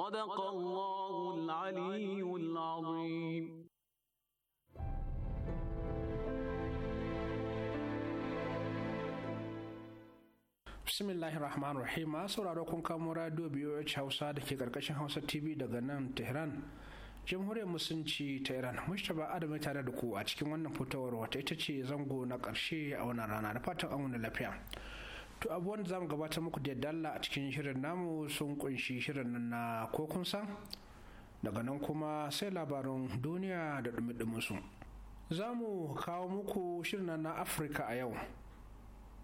صدق الله العلي العظيم bismillahi rahman rahim a sauraro kun kamo radio biyu hausa da ke karkashin hausa tv daga nan tehran jamhuriyar musulunci ta iran mustapha adam tare da ku a cikin wannan fitowar wata ita ce zango na karshe a wannan rana da fatan an wani lafiya To abubuwan da zamu gabata muku da dalla a cikin shirin namu sun kunshi shirin nan na ko san daga nan kuma sai labarin duniya da dumi su. Za mu kawo muku shirin nan na Afirka a yau.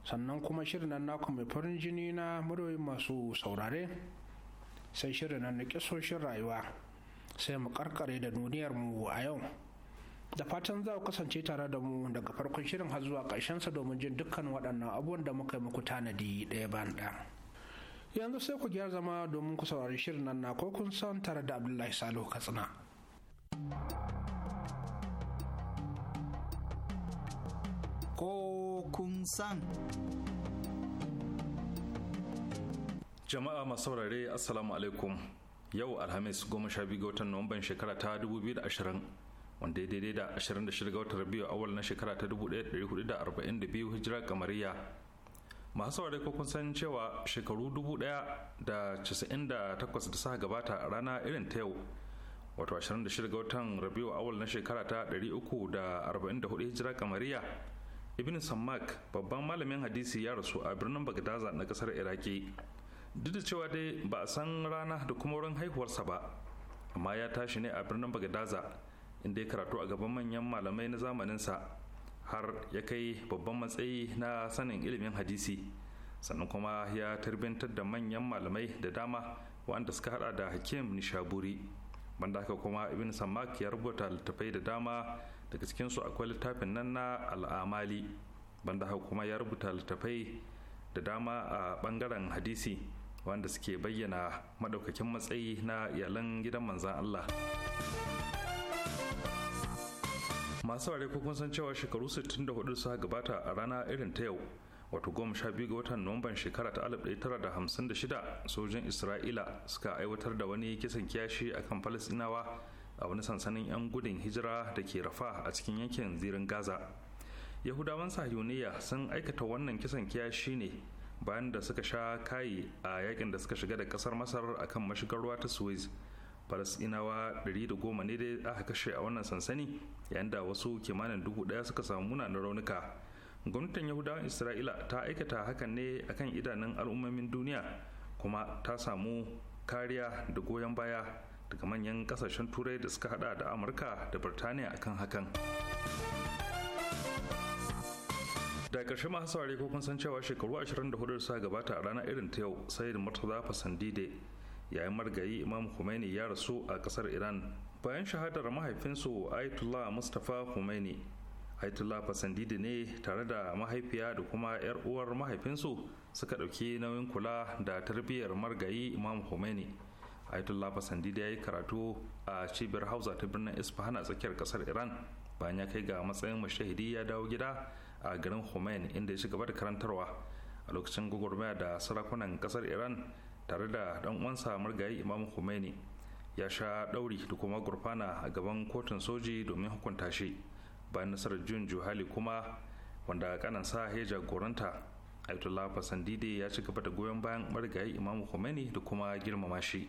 Sannan kuma shirin nan naku mai farin jini na muryoyin masu saurare. Sai shirin nan na kisoshin rayuwa. Sai mu karkare da duniyarmu a yau. da fatan za ku kasance tare da mu daga farkon shirin har zuwa sa domin jin dukkan waɗannan abubuwan da muka yi muku tanadi ɗaya bayan ɗaya yanzu sai ku gyara zama domin ku saurari shirin nan na ko kun san tare da abdullahi salihu katsina ko kun san jama'a masu saurare assalamu alaikum yau alhamis goma sha biyu ga watan nuwamban shekara ta ashirin. wanda ya daidai da 26 ga watan rabiu awal na shekara ta 1442 hijira kamariya masu saurari ko kun san cewa shekaru 1098 da suka gabata a rana irin ta yau wato 26 ga watan rabiu awal na shekara ta 344 hijira kamariya ibn sammak babban malamin hadisi ya rasu a birnin bagdaza na kasar iraki duk da cewa dai ba a san rana da kuma wurin haihuwarsa ba amma ya tashi ne a birnin bagdaza inda ya karatu a gaban manyan malamai na zamaninsa har ya kai babban matsayi na sanin ilimin hadisi sannan kuma ya tarbintar da manyan malamai da dama wanda suka hada da hakim nishaburi banda haka kuma ibn samak ya rubuta littattafai da dama daga cikinsu akwai littafin nan na al'amali banda haka kuma ya rubuta littattafai da dama a bangaren hadisi wanda suke bayyana madaukakin matsayi na iyalan gidan manzan allah masu ware kun san cewa shekaru 64 suka gabata a rana irin ta yau wato goma sha biyu ga watan nuwamban shekara ta alif da da hamsin shida sojin isra'ila suka aiwatar da wani kisan kiyashi a kan falasinawa a wani sansanin 'yan gudun hijira da ke rafa a cikin yankin zirin gaza yahudawan sahiyoniya sun aikata wannan kisan kiyashi ne bayan da suka sha kayi a yakin da suka shiga da kasar masar akan mashigar ruwa ta suez falasɗinawa 110 ne dai aka kashe a wannan sansani yayin da wasu kimanin dubu ɗaya suka samu munanan raunuka gwamnatin yahudawan isra'ila ta aikata hakan ne akan idanun al'ummomin duniya kuma ta samu kariya da goyon baya daga manyan kasashen turai da suka hada da amurka da birtaniya akan hakan da karshe masu saurare ko kun san cewa shekaru 24 da suka gabata a ranar irin ta yau sai da murtaza fasandide yayin margayi imam khomeini ya rasu a kasar iran bayan shahadar mahaifinsu ayatollah mustapha khomeini ayatollah fasandidi ne tare da mahaifiya da kuma 'yar uwar mahaifinsu suka ɗauki nauyin kula da tarbiyyar margayi imam khomeini ayatollah fasandidi ya yi karatu a cibiyar hausa ta birnin isfahan a tsakiyar kasar iran bayan ya kai ga matsayin mashahidi ya dawo gida a garin khomeini inda ya ci gaba da karantarwa a lokacin gwagwarmaya da sarakunan kasar iran tare da dan uwansa margayi imam khomeini ya sha dauri da kuma gurfana a gaban kotun soji domin hukunta shi bayan nasarar jun juhali kuma wanda kanansa ya jagoranta ayatollah dide ya ci gaba da goyon bayan margayi imam khomeini da kuma girmama shi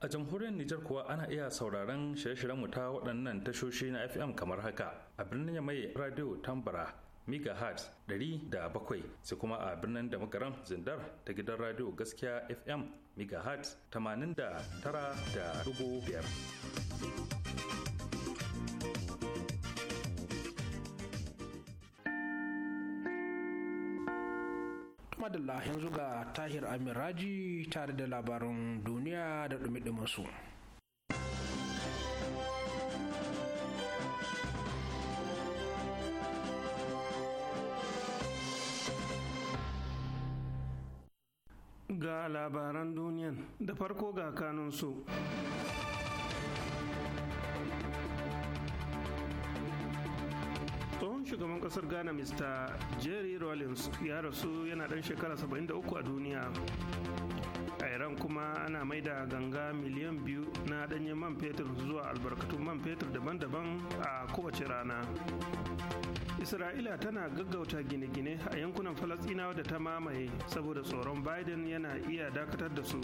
A jamhuriyar Nijar kuwa ana iya sauraron shirye-shiryen wuta waɗannan tashoshi na FM kamar haka a birnin mai radio Tambara megahertz 107 sai kuma a birnin da zindar ta gidan radio gaskiya FM megahertz 89.5 madalla yanzu ga tahir amiraji tare da labarin duniya da dumi su. ga labaran duniyan da farko ga kanunsu shugaban kasar ghana mr jerry rawlings ya rasu yana dan shekara 73 a duniya a iran kuma ana maida ganga miliyan biyu na danyen man fetur zuwa albarkatun man fetur daban-daban a kowace rana isra'ila tana gaggauta gine-gine a yankunan falasinawa da ta mamaye saboda tsoron biden yana iya dakatar da su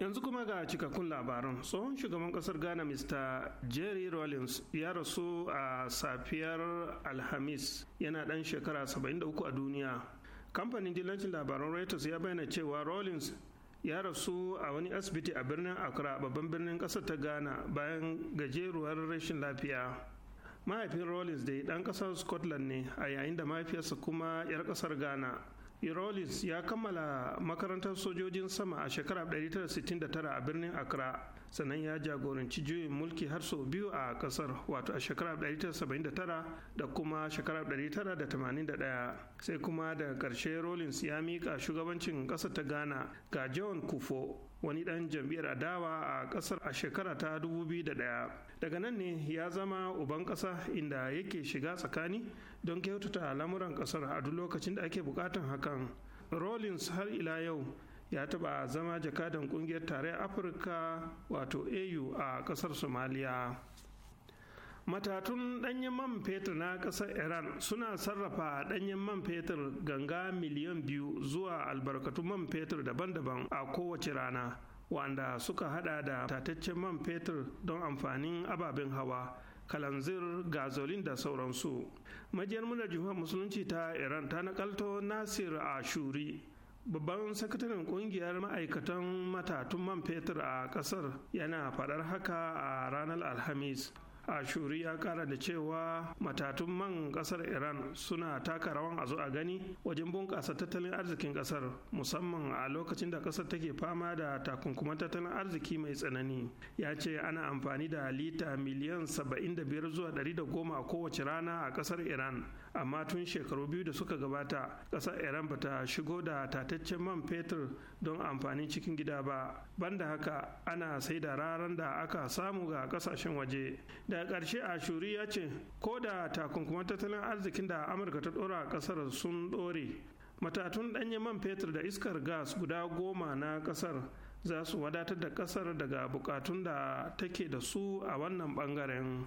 yanzu kuma ga cikakkun labaran tsohon shugaban kasar ghana mr jerry rawlings ya rasu a safiyar alhamis yana dan shekara 73 a duniya kamfanin dillancin labaran reuters ya bayyana cewa rawlings ya rasu a wani asibiti a birnin accra babban birnin kasar ta ghana bayan gajeruwar rashin lafiya mahaifin rawlings da dan kasar scotland ne a yayin da mahaifiyarsa kuma 'yar kasar ghana Irolis ya kammala makarantar sojojin sama a shekarar 1969 a birnin Accra, sannan ya jagoranci juyin mulki har sau biyu a kasar wato a shekarar 1979 da kuma shekarar 1981 sai kuma da ƙarshe Rollins ya miƙa shugabancin ƙasa ta Ghana ga John Kufo wani ɗan jam'iyyar adawa a ƙasar a shekara ta 2001. daga nan ne ya zama uban ƙasa inda yake shiga tsakani don kyautata lamuran ƙasar a duk lokacin da ake buƙatan hakan rollins har ila yau ya taɓa zama jakadan ƙungiyar tarayyar afirka wato au a ƙasar somaliya matatun ɗanyen man fetur na ƙasar iran suna sarrafa ɗanyen man fetur ganga miliyan biyu zuwa albarkatun man fetur daban-daban a kowace rana wanda suka hada da tataccen man fetur don amfanin ababen hawa kalanzir gazolin da sauransu majiyar Murnar jihar musulunci ta iran ta nakalto nasir ashuri babban sakataren kungiyar ma'aikatan matatun man fetur a kasar yana faɗar haka a ranar alhamis ashuri ya kara da cewa matatun man kasar iran suna taka rawan a zo a gani wajen bunƙasa tattalin arzikin kasar musamman a lokacin da kasar take fama da takunkuman tattalin arziki mai tsanani ya ce ana amfani da lita miliyan 75 zuwa 110 a kowace rana a kasar iran amma tun shekaru biyu da suka gabata ƙasar iran bata shigo da tataccen man fetur don amfani cikin gida ba banda haka ana sai da raran da aka samu ga ƙasashen waje daga ƙarshe shuri ya ce ko da takunkuman tattalin arzikin da amurka ta ɗora ƙasar sun ɗore matatun ɗanyen man fetur da iskar gas guda goma na ƙasar za su wadatar da ƙasar daga buƙatun da take da su a wannan ɓangaren.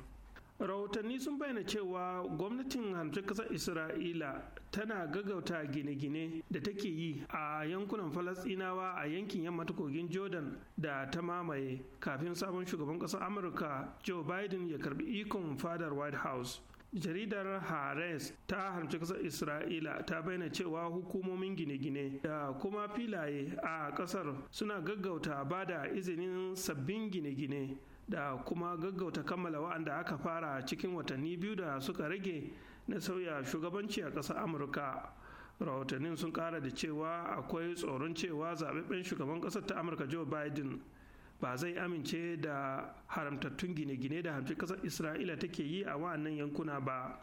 rahotanni sun bayyana cewa gwamnatin hamshe kasar isra'ila tana gaggauta gine-gine da take yi a yankunan falasinawa a yankin yamma ta kogin jordan da ta mamaye kafin sabon shugaban kasar amurka joe biden ya karbi ikon fadar white house jaridar harris ta harci kasar isra'ila ta bayyana cewa hukumomin gine-gine da kuma filaye a kasar suna gaggauta ba da izinin sabbin gine-gine da kuma gaggauta kammala wa'anda aka fara cikin watanni biyu da suka rage na sauya shugabanci a ƙasar amurka rahotannin sun ƙara da cewa akwai tsoron cewa zaɓaɓɓen shugaban ƙasar ta amurka joe biden ba zai amince da haramtattun gine-gine da hamci ƙasar isra'ila take yi a wa'annan yankuna ba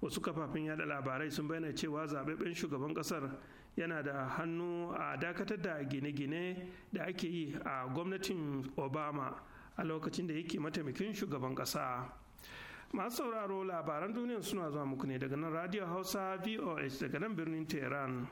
wasu kafafen yada labarai sun bayyana cewa zaɓaɓɓen shugaban ƙasar yana da hannu a dakatar da gine-gine da ake yi a gwamnatin obama a lokacin da yake mataimakin shugaban ƙasa masu sauraro labaran duniya suna zuwa muku ne daga nan radio hausa voh daga nan birnin tehran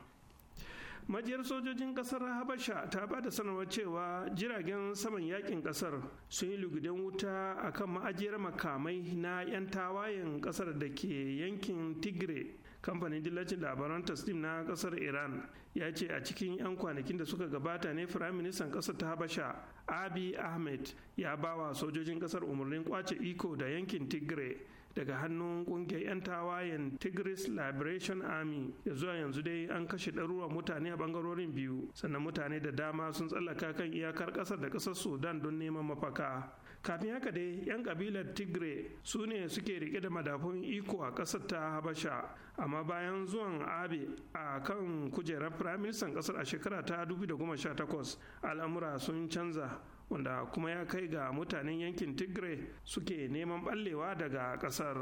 majiyar sojojin kasar habasha ta ba da sanarwar cewa jiragen saman yakin kasar sun yi lugudan wuta akan ma'ajiyar makamai na 'yan tawayen kasar da ke yankin Tigray. kamfanin dillacin labaran taslim na kasar iran ya ce a cikin 'yan kwanakin da suka gabata ne Firaministan ministan kasar ta habasha abi ahmed ya bawa sojojin kasar umarnin kwace iko da yankin tigre daga hannun kungiyar 'yan tawayen tigris liberation army ya zuwa yanzu dai an kashe ɗaruruwa mutane a bangarorin biyu sannan mutane da dama sun tsallaka kan iyakar ƙasar da ƙasar sudan don neman mafaka kafin haka dai 'yan kabilar tigre su ne suke rike da madafun iko a ƙasar ta habasha amma bayan zuwan abe a kan kujerar firaministan ƙasar a shekara ta 2018 al'amura sun canza wanda kuma ya kai ga mutanen yankin tigre suke neman ɓallewa daga ƙasar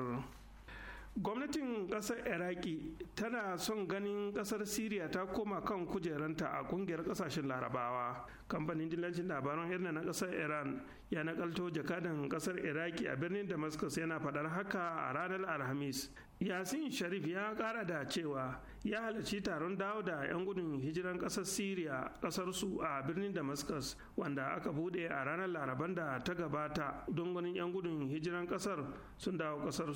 gwamnatin kasar iraki tana son ganin kasar syria ta koma kan kujeranta a kungiyar kasashen larabawa kamfanin dillancin labaran hirna na kasar iran ya nakalto jakadan kasar iraki a birnin damascus yana faɗar haka a ranar alhamis yasin sharif ya kara da cewa ya halarci taron dawo da 'yan gudun hijiran kasar syria kasar a birnin damascus wanda aka bude a ranar laraban da ta gabata don ganin 'yan gudun hijiran kasar sun dawo kasar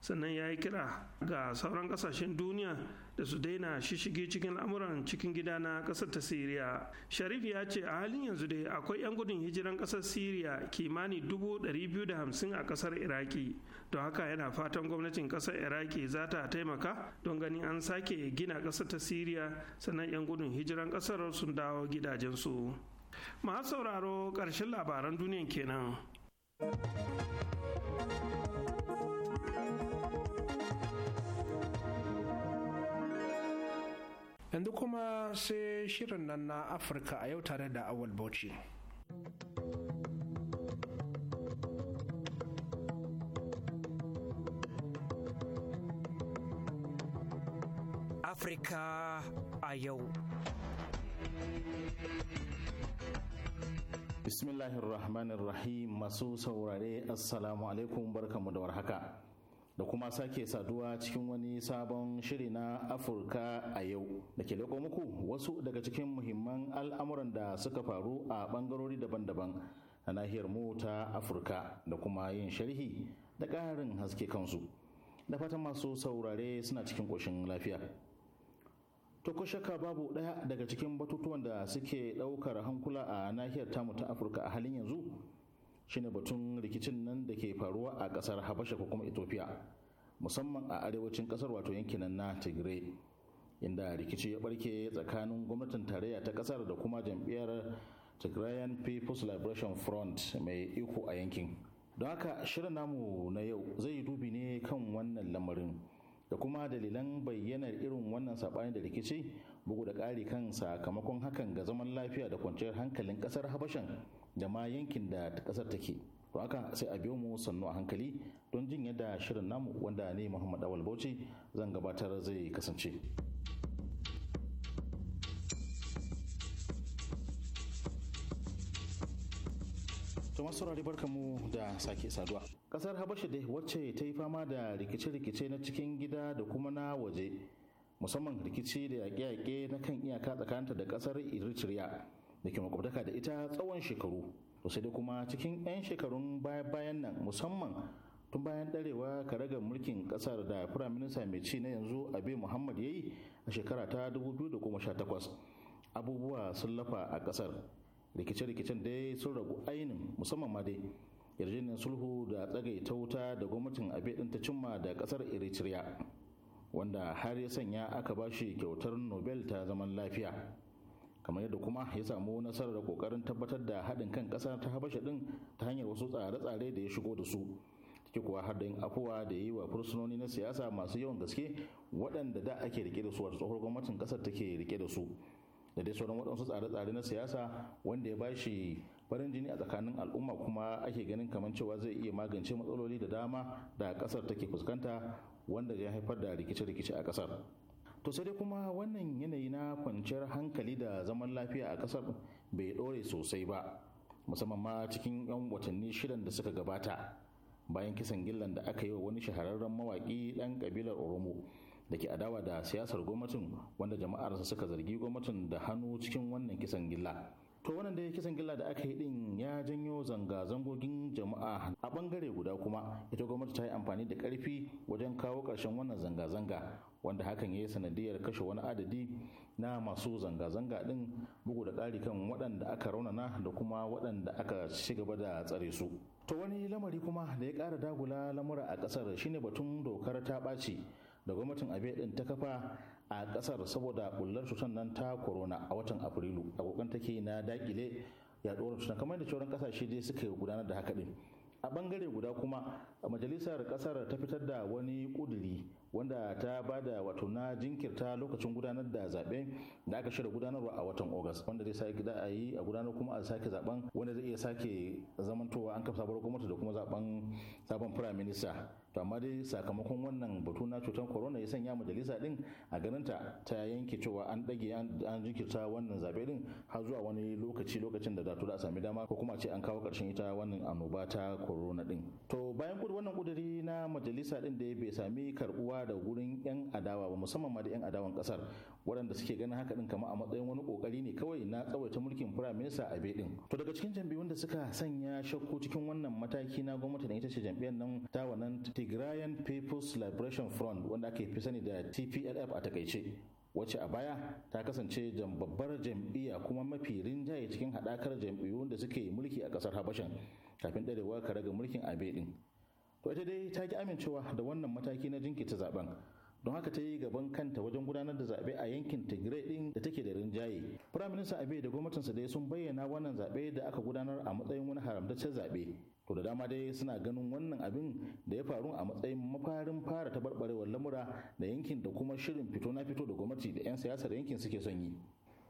sannan ya yi kira ga sauran kasashen duniya da su daina shishigi cikin al'amuran cikin gida na kasar ta syria sharif ya ce a halin yanzu dai akwai 'yan gudun hijiran kasar syria kimanin 250 a kasar iraki don haka yana fatan gwamnatin ƙasar iraki za ta taimaka don ganin an sake gina ƙasa ta siriya sannan 'yan gudun hijiran ƙasar sun dawo gidajensu masu sauraro ƙarshen labaran duniyan kenan yanzu kuma sai shirin nan na afirka a yau tare da awal bauchi Afrika a Bismillahirrahmanirrahim masu saurare Assalamu alaikum barkamu da warhaka. Da kuma sake saduwa cikin wani sabon shiri na Afirka a yau da ke leko muku wasu daga cikin muhimman al'amuran da suka faru a ɓangarori daban-daban a nahiyar mota ta Afirka da kuma yin sharhi da ƙarin haske kansu. Da fatan masu saurare suna cikin ƙoshin lafiya. To ko shaka babu ɗaya daga cikin batutuwan da suke ɗaukar hankula a nahiyar tamu ta Afirka a halin yanzu shine batun rikicin nan da ke faruwa a ƙasar Habasha ko kuma Ethiopia musamman a arewacin ƙasar wato yankin na Tigray inda rikici ya barke tsakanin gwamnatin tarayya ta ƙasar da kuma jam'iyyar Tigrayan People's Liberation Front mai iko a yankin. Don haka shirin namu na yau zai dubi ne kan wannan lamarin. da kuma dalilan bayyanar irin wannan saɓani da rikici bugu da ƙari kan sakamakon hakan ga zaman lafiya da kwanciyar hankalin ƙasar habashan da ma yankin da ƙasar take to haka sai a biyo mu sannu a hankali don jin yadda shirin namu wanda ne muhammad awal bauchi zan gabatar zai kasance to masu barkamu da sake saduwa kasar habasha dai wacce ta yi fama da rikice-rikice na cikin gida da kuma na waje musamman rikici da yaƙe-yaƙe na kan iyaka tsakaninta da kasar eritrea da ke makwabtaka da ita tsawon shekaru sai dai kuma cikin 'yan shekarun bayan bayan nan musamman tun bayan ɗarewa karagar mulkin ƙasar da firaminista mai ci na yanzu abe muhammad ya yi a shekara ta 2018 abubuwa sun lafa a ƙasar rikice-rikicen dai sun ragu ainihin, musamman ma dai yarjejeniyar sulhu da ta wuta da gwamnatin abe ɗin ta cimma da kasar eritrea wanda har ya sanya aka ba shi kyautar nobel ta zaman lafiya kamar yadda kuma ya samu nasarar kokarin tabbatar da haɗin kan ƙasa ta habasha ɗin ta hanyar wasu tsare-tsare da ya shigo da su ke kuwa har da yin afuwa da yi wa fursunoni na siyasa masu yawan gaske waɗanda da ake rike da su wata tsohuwar gwamnatin ƙasar take rike da su da dai sauran waɗansu tsare-tsare na siyasa wanda ya ba shi farin jini a tsakanin al'umma kuma ake ganin kamar cewa zai iya magance matsaloli da dama da kasar take fuskanta wanda ya haifar da rikice-rikice a kasar to sai dai kuma wannan yanayi na kwanciyar hankali da zaman lafiya a kasar bai ɗore sosai ba musamman ma cikin 'yan watanni shidan da suka gabata bayan kisan gillan da aka yi wa wani shahararren mawaƙi ɗan ƙabilar oromo da ke adawa da siyasar gwamnatin wanda jama'arsa suka zargi gwamnatin da hannu cikin wannan kisan gilla to wannan da kisan gilla da aka yi din ya janyo zanga-zangogin jama'a a bangare guda kuma ita gwamnati ta yi amfani da karfi wajen kawo ƙarshen wannan zanga-zanga wanda hakan ya yi sanadiyar kashe wani adadi na masu zanga-zanga din bugu da ƙari kan waɗanda aka raunana da kuma waɗanda aka ci gaba da tsare su to wani lamari kuma da ya ƙara dagula lamura a ƙasar shine batun dokar ta ɓaci da gwamnatin abe ɗin ta kafa a kasar saboda bullar cutar nan ta corona a watan afrilu a kokan take na dakile dora cutar kamar da cewar kasashe dai suka yi gudanar da haka din a bangare guda kuma majalisar kasar ta fitar da wani kuduri wanda ta bada wato na jinkirta lokacin gudanar da zaɓe da aka shirya gudanarwa a watan August wanda zai sake da a yi a gudanar kuma a sake zaben wanda zai iya sake zamantowa an kafa sabon gwamnati da kuma zaben sabon prime minister to amma dai sakamakon wannan batu na cutar corona ya sanya majalisa din a ganinta ta yanke cewa an dage an jinkirta wannan zaɓe din har zuwa wani lokaci lokacin da zato da a sami dama ko kuma ce an kawo ƙarshen ita wannan annoba ta corona din to bayan wannan kuduri na majalisa din da bai sami karbuwa adawa da gurin 'yan adawa ba musamman ma da 'yan adawan kasar waɗanda suke ganin haka din kama a matsayin wani kokari ne kawai na tsawaita mulkin firaminista a bai ɗin. to daga cikin jam'iyyun da suka sanya shakku cikin wannan mataki na gwamnati da ita ce jam'iyyar nan ta wannan tigrayan people's liberation front wanda ake fi sani da tplf a takaice wacce a baya ta kasance babbar jam'iyya kuma mafi rinjaye cikin haɗakar jam'iyyu da suke mulki a kasar habashan kafin ɗarewa ka raga mulkin abe din to ita dai ta ki amincewa da wannan mataki na jinkirta zaben don haka ta yi gaban kanta wajen gudanar da zaɓe a yankin tigray ɗin da take da rinjaye firayim minista abe da gwamnatinsa dai sun bayyana wannan zaɓe da aka gudanar a matsayin wani haramtaccen zaɓe to da dama dai suna ganin wannan abin da ya faru a matsayin mafarin fara tabarbarewar lamura da yankin da kuma shirin fito na fito da gwamnati da 'yan siyasar yankin suke son yi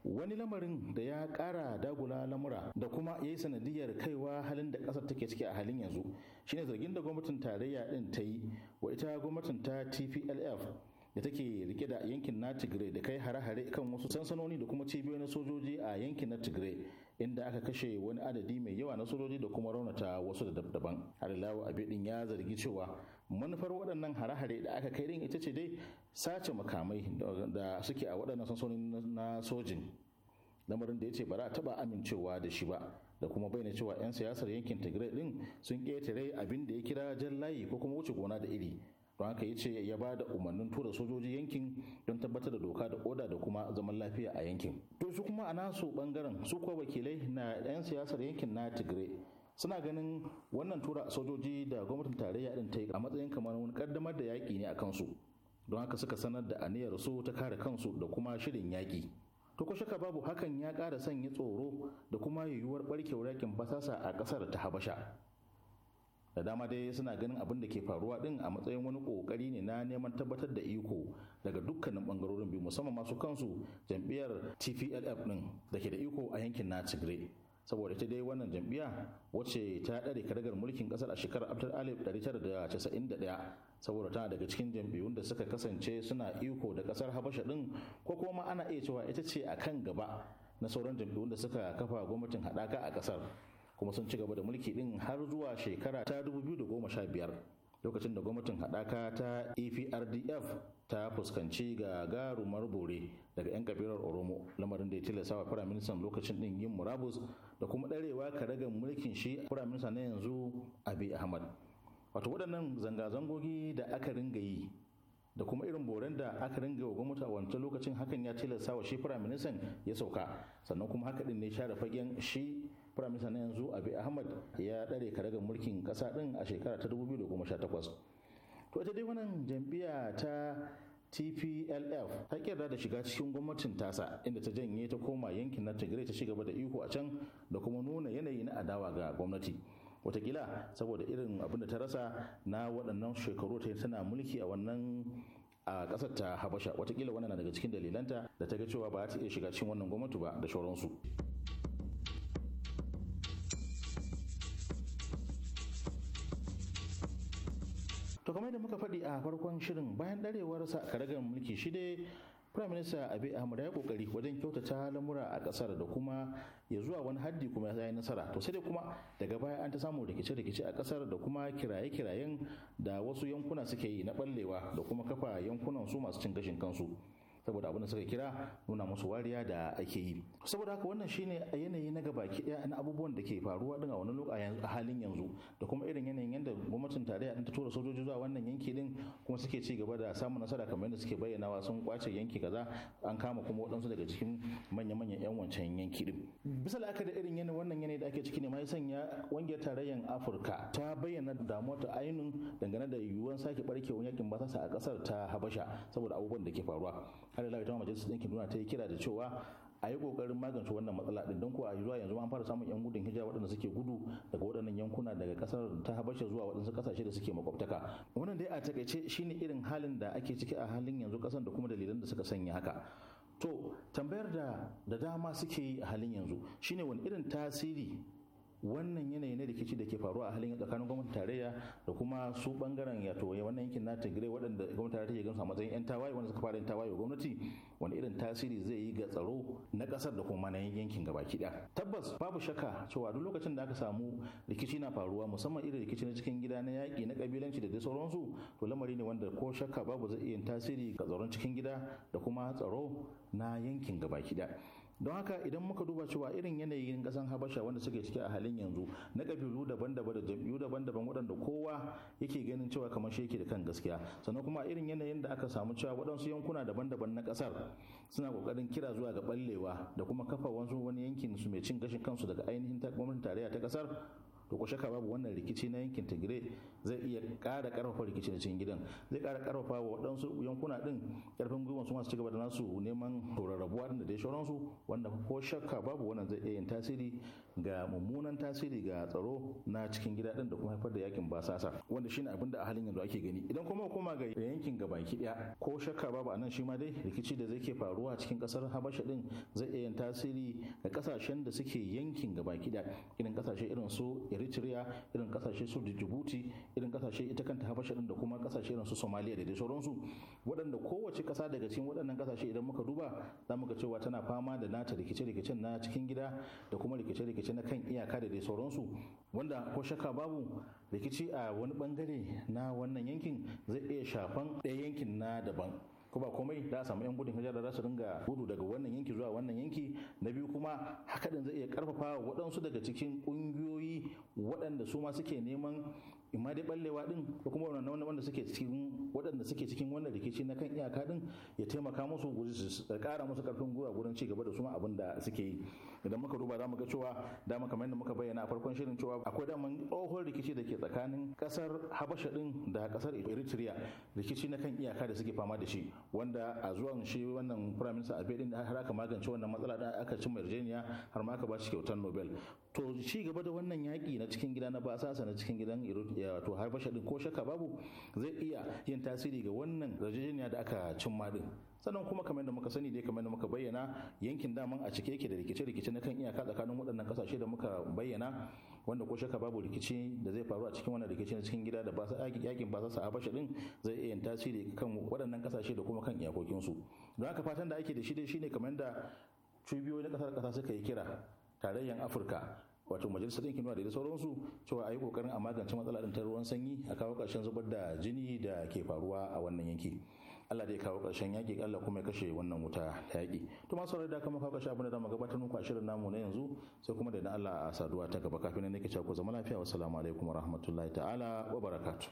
wani lamarin da ya kara dagula lamura da kuma ya yi sanadiyar kaiwa halin da kasar take ciki a halin yanzu shine zargin da gwamnatin tarayya din ta yi wa ita gwamnatin ta tplf da take rike da yankin na tigray da kai hare-hare kan wasu sansanoni da kuma na sojoji a yankin na tigray inda aka kashe wani adadi mai yawa na sojoji da kuma raunata wasu da daban har lawa abedin ya zargi cewa manufar waɗannan hare-hare da aka kai din ita ce dai sace makamai da suke a waɗannan sansoni na sojin lamarin da ya ce ba za a taɓa amincewa da shi ba da kuma bayyana cewa 'yan siyasar yankin tigray din sun ƙetare abin da ya kira jan layi ko kuma wuce gona da iri don haka ya ce ya ba da umarnin tura sojoji yankin don tabbatar da doka da oda da kuma zaman lafiya a yankin to su kuma a nasu bangaren su kuwa wakilai na 'yan siyasar yankin na tigray suna ganin wannan tura sojoji da gwamnatin tarayya din ta yi a matsayin kamar wani kaddamar da yaƙi ne a kansu don haka suka sanar da aniyar su ta kare kansu da kuma shirin yaƙi to ko shaka babu hakan ya ƙara sanya tsoro da kuma yiwuwar barkewar yakin basasa a ƙasar ta habasha da dama dai suna ganin abin da ke faruwa din a matsayin wani kokari ne na neman tabbatar da iko daga dukkanin bangarorin biyu musamman masu kansu jam'iyyar tplf din da ke da iko a yankin na tigray saboda ita dai wannan jam'iyya wacce ta ɗare kadagar mulkin kasar a shekarar 1991 saboda tana daga cikin jam'iyyun da suka kasance suna iko da kasar habasha ɗin ko kuma ana iya cewa ita ce a kan gaba na sauran jam'iyyun da suka kafa gwamnatin haɗaka a kasar kuma sun ci gaba da mulki ɗin har zuwa shekara ta 2015 lokacin da gwamnatin haɗaka ta EPRDF ta fuskanci gagarumar bore daga 'yan kabilar Oromo lamarin da ya tilasta wa firaministan lokacin ɗin yin murabus da kuma ɗarewa daga mulkin shi firaminista na yanzu Abiy Ahmad. Wato waɗannan zanga-zangogi da aka ringa yi da kuma irin boren da aka ringa wa gwamnati a wancan lokacin hakan ya tilasta wa shi firaministan ya sauka sannan kuma haka ɗin ne share fagen shi firaminista na yanzu abi ahmad ya ɗare karagar mulkin ƙasa ɗin a shekara ta da 2018 to ita dai wannan jam'iyya ta tplf ta kirda da shiga cikin gwamnatin tasa inda ta janye ta koma yankin na tigray ta gaba da iko a can da kuma nuna yanayi na adawa ga gwamnati watakila saboda irin abin da ta rasa na waɗannan shekaru ta tana mulki a wannan a ƙasar ta habasha watakila wannan na daga cikin dalilanta da ta ga cewa ba ta iya shiga cikin wannan gwamnati ba da shauransu. to kamar da muka faɗi a farkon shirin bayan ɗarewarsa a karagar mulki shi dai prime minister abiy ahmed ya kokari wajen kyautata lamura a kasar da kuma ya zuwa wani haddi kuma ya yi nasara to sai dai kuma daga baya an ta samu rikice-rikice a kasar da kuma kiraye-kirayen da wasu yankuna suke yi na ballewa da kuma kafa yankunan su masu cin gashin kansu saboda abin da suka kira nuna musu wariya da ake yi saboda haka wannan shine a yanayi na gaba daya na abubuwan da ke faruwa din a wani lokaci a halin yanzu da kuma irin yanayin yadda gwamnatin tarayya din ta tura sojoji zuwa wannan yanki din kuma suke ci gaba da samun nasara kamar yadda suke bayyanawa sun kwace yanki kaza an kama kuma waɗansu daga cikin manya-manyan yan wancan yanki din bisa la'akari da irin yanayi wannan yanayi da ake ciki ne ma ya sanya ƙungiyar tarayyan afirka ta bayyana damuwa ta ainu dangane da yiwuwar sake barkewar yakin basasa a kasar ta habasha saboda abubuwan da ke faruwa har ila ita majalisar ɗinkin duniya ta yi kira da cewa a yi kokarin magance wannan matsala din don kuwa zuwa yanzu an fara samun yan gudun hijira waɗanda suke gudu daga waɗannan yankuna daga ƙasar ta habasha zuwa waɗansu ƙasashe da suke makwabtaka wannan dai a takaice shine irin halin da ake ciki a halin yanzu ƙasar da kuma dalilan da suka sanya haka to tambayar da da dama suke yi a halin yanzu shine wani irin tasiri wannan yanayi na rikici da ke faruwa a halin tsakanin gwamnatin tarayya da kuma su bangaren yato wannan yankin na tigray waɗanda gwamnatin tarayya take gamsa a matsayin yan tawaye wanda suka fara yan tawaye gwamnati wani irin tasiri zai yi ga tsaro na ƙasar da kuma na yankin gabaki ɗaya tabbas babu shakka cewa duk lokacin da aka samu rikici na faruwa musamman irin rikici na cikin gida na yaki na kabilanci da dai sauransu to lamari ne wanda ko shakka babu zai iya tasiri ga tsaron cikin gida da kuma tsaro na yankin gabaki ɗaya don haka idan muka duba cewa irin yanayin kasan habasha wanda suke ciki a halin yanzu na kabilu daban-daban da jam'iyyu daban-daban waɗanda kowa yake ganin cewa kamar shi yake da kan gaskiya sannan kuma irin yanayin da aka samu cewa waɗansu yankuna daban-daban na kasar suna ƙoƙarin kira zuwa ga ɓallewa da kuma kafa wasu wani yankin su mai cin gashin kansu daga ainihin gwamnatin tarayya ta kasar to ko shaka babu wannan rikici na yankin tigray zai iya ƙara ƙarfafa rikicin gidan zai kara karfafa wa waɗansu yankuna ɗin ƙarfin gwiwa su masu cigaba da nasu neman rarrabuwa da dai sauransu wanda ko shakka babu wannan zai iya yin tasiri ga mummunan tasiri ga tsaro na cikin gida ɗin da kuma haifar da yakin basasa wanda shine abin da a halin yanzu ake gani idan kuma kuma ga yankin gabaki ɗaya ko shakka babu anan shi ma dai rikici da zai ke faruwa cikin ƙasar habasha ɗin zai iya yin tasiri ga ƙasashen da suke yankin gabaki ɗaya irin ƙasashe irin su eritrea irin ƙasashe su djibouti irin kasashe ita kanta habasha din da kuma kasashe irin su somaliya da dai sauransu waɗanda kowace ƙasa daga cikin waɗannan kasashe idan muka duba za mu ga cewa tana fama da nata rikice-rikicen na cikin gida da kuma rikice-rikice na kan iyaka da dai sauransu wanda ko shakka babu rikici a wani bangare na wannan yankin zai iya shafan ɗaya yankin na daban ko ba komai da samu yan gudun hijira za su dinga gudu daga wannan yanki zuwa wannan yanki na biyu kuma haka din zai iya karfafa waɗansu daga cikin ƙungiyoyi waɗanda su ma suke neman in dai ballewa din ko kuma wannan wanda suke cikin waɗanda suke cikin wannan rikici na kan iyaka din ya taimaka musu guji su kara musu karfin gwiwa gurin ci gaba da su ma abin da suke yi idan muka duba za mu ga cewa dama kamar yadda muka bayyana a farkon shirin cewa akwai daman tsohon rikici da ke tsakanin kasar habasha din da kasar eritrea rikici na kan iyaka da suke fama da shi wanda a zuwan shi wannan firaminista abe din har aka magance wannan matsala da aka cin virginia har ma aka ba shi kyautar nobel to ci gaba da wannan yaki na cikin gida na basasa na cikin gidan wato habasha din ko shakka babu zai iya yin tasiri ga wannan yarjejeniya da aka cimma din sannan kuma kamar da muka sani dai kamar da muka bayyana yankin daman a cike yake da rikice-rikice na kan iyaka tsakanin waɗannan kasashe da muka bayyana wanda ko shaka babu rikici da zai faru a cikin wannan rikici na cikin gida da ba yakin ba sa abasha din zai iya yin tasiri kan waɗannan kasashe da kuma kan iyakokinsu don haka fatan da ake da shi dai shine kamar da cibiyoyi na ƙasar ƙasa suka yi kira tarayyar afirka wato majalisar ɗinkin duniya da sauransu cewa a yi ƙoƙarin a magance matsalar ta ruwan sanyi a kawo ƙarshen zubar da jini da ke faruwa a wannan yanki. Allah da ya kawo ƙarshen yaƙi Allah kuma ya kashe wannan wuta ta yaƙi to masu da kuma kawo ƙarshen abin da zamu gabatar muku a shirin namu na yanzu sai kuma da Allah a saduwa ta gaba kafin nan nake cewa ku zama lafiya wassalamu alaikum warahmatullahi ta'ala wa barakatuh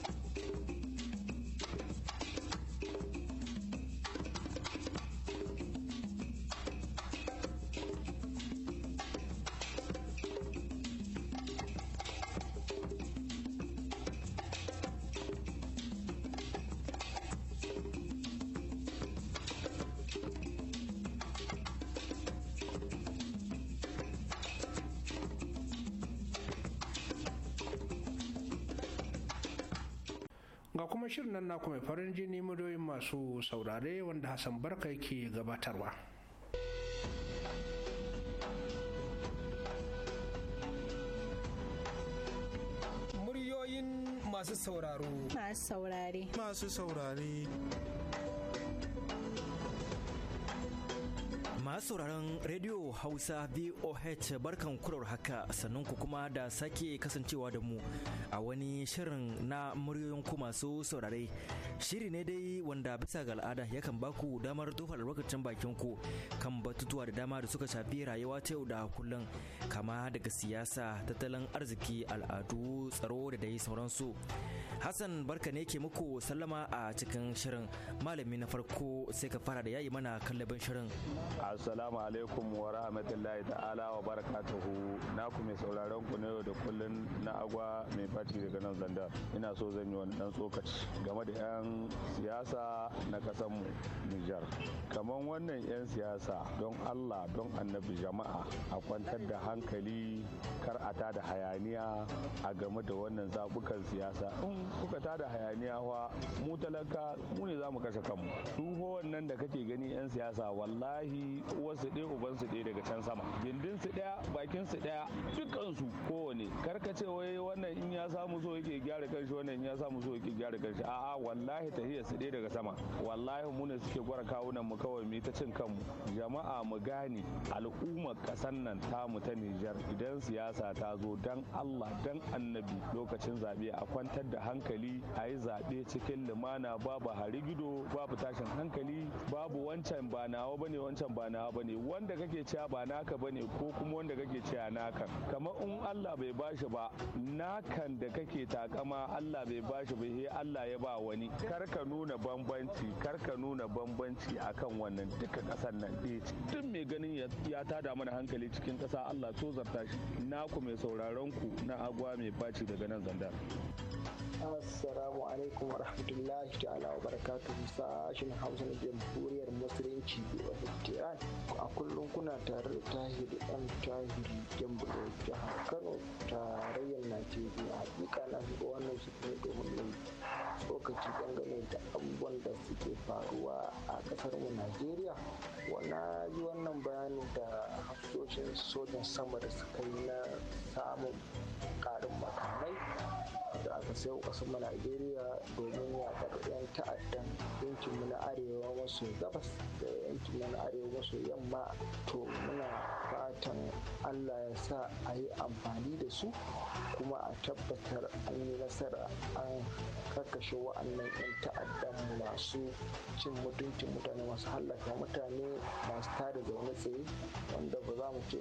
ku mai farin jini muryoyin masu saurare wanda Hassan Barka yake gabatarwa. Muryoyin masu sauraro. Masu saurare. Masu saurare. sauraron Radio Hausa VOH barkan kurar haka sannan ku kuma da sake kasancewa da mu a wani shirin na muryoyin ku masu saurare. Shiri ne dai wanda bisa ga al'ada yakan baku damar tofa lokacin bakin ku kan batutuwa da dama da suka shafi rayuwa ta yau da kullum kama daga siyasa, tattalin arziki, al'adu, tsaro da dai sauransu. Hassan barka ne ke muku sallama a cikin shirin malami na farko sai ka fara da yayi mana kallabin shirin. assalamu alaikum wa rahmatullahi ta'ala wa barakatuhu na ku mai sauraron ku yau da kullun na agwa mai fati daga nan zanda ina so zan yi wani dan tsokaci game da yan siyasa na kasan mu Nijar kamar wannan yan siyasa don Allah don annabi jama'a a kwantar da hankali kar a tada hayaniya a game da wannan zabukan siyasa in kuka tada hayaniya wa mu talaka mu ne za mu kashe kanmu duk wannan da kake gani yan siyasa wallahi uwarsu ɗaya ubansu ɗaya daga can sama gindinsu ɗaya bakinsu ɗaya dukansu kowane karkacewa wai wannan in ya samu so yake gyara kanshi wannan in ya samu so yake gyara kanshi a'a wallahi tahiyar su ɗaya daga sama wallahi mu ne suke gwara kawunan mu kawai mu ta cin kanmu jama'a mu gane al'ummar ƙasar nan tamu ta Nijar idan siyasa ta zo dan Allah dan annabi lokacin zaɓe a kwantar da hankali a yi zaɓe cikin lumana babu harigido babu tashin hankali babu wancan ba nawa bane wancan ba nawa ba ne wanda kake cewa ba naka ba ne ko kuma wanda kake cewa naka kamar in Allah bai bashi ba nakan da kake takama Allah bai bashi ba sai Allah ya ba wani kar ka nuna bambanci kar ka nuna bambanci akan wannan duka kasar nan ɗaya eh, duk mai ganin ya tada mana hankali cikin ƙasa Allah so zarta shi naku mai sauraron ku na agwa mai baci daga nan zandar. Assalamu alaikum wa rahmatullahi ta'ala wa barakatuhu sashen Hausa na Jamhuriyar Musulunci da tehran A kullum kuna tare da Tahir Dan Tahir Jambulo jihar Kano tarayyar Najeriya. Hakika na shiga wannan su ne domin mai tsokaci dangane da abubuwan da suke faruwa a ƙasar mu Najeriya. Wana ji wannan bayani da hafsoshin sojan sama da suka yi na samun ƙarin makamai da aka sayo kasar mu Najeriya domin yakar 'yan ta'addan yankin mu na arewa maso gabas da yankin mu na arewa maso yamma to muna fatan Allah ya sa a yi amfani da su kuma a tabbatar an yi nasara an karkashe wa'annan 'yan ta'addan masu cin mutuncin mutane masu hallaka mutane masu tada zaune tsaye wanda ba za mu ce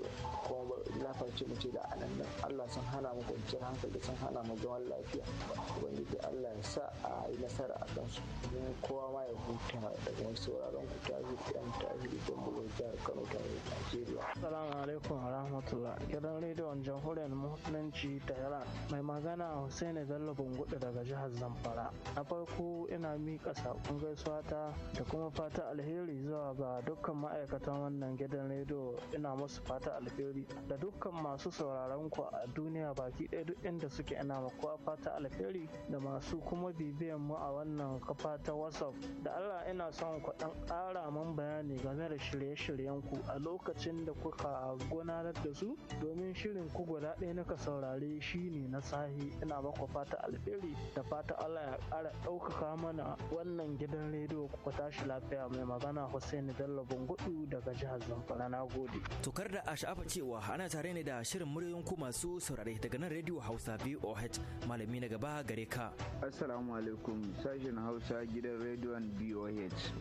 kuma ba lafarci mu ce da anan Allah sun hana mu kwanciyar hankali sun hana mu zaman lafiya lafiya ubangiji allah ya sa a yi nasara a kansu don kowa ma ya huta daga mai sauraron ku ta zuci an ta zuci don bugun jihar kano ta yi najeriya assalamu alaikum wa rahmatullah gidan rediyon jamhuriyar musulunci ta iran mai magana hussein bello bungudu daga jihar zamfara na farko ina miƙa saƙon gaisuwa ta da kuma fata alheri zuwa ga dukkan ma'aikatan wannan gidan rediyo ina musu fata alheri da dukkan masu sauraron ku a duniya baki ɗaya duk inda suke ina ma kowa fata ta alheri da masu kuma bibiyan mu a wannan kafa ta whatsapp da allah ina son ku dan ƙara man bayani game da shirye-shiryen ku a lokacin da kuka gudanar da su domin shirin ku guda ɗaya naka saurare shi ne na sahi ina maku fata alheri da fata allah ya ƙara ɗaukaka mana wannan gidan rediyo ku tashi lafiya mai magana hussein bello bungudu daga jihar zamfara na gode tokar da a sha'afa cewa ana tare ne da shirin muryoyin ku masu saurare daga nan rediyo hausa voh malami malami na gaba gare ka assalamu alaikum sashen hausa gidan rediyon boh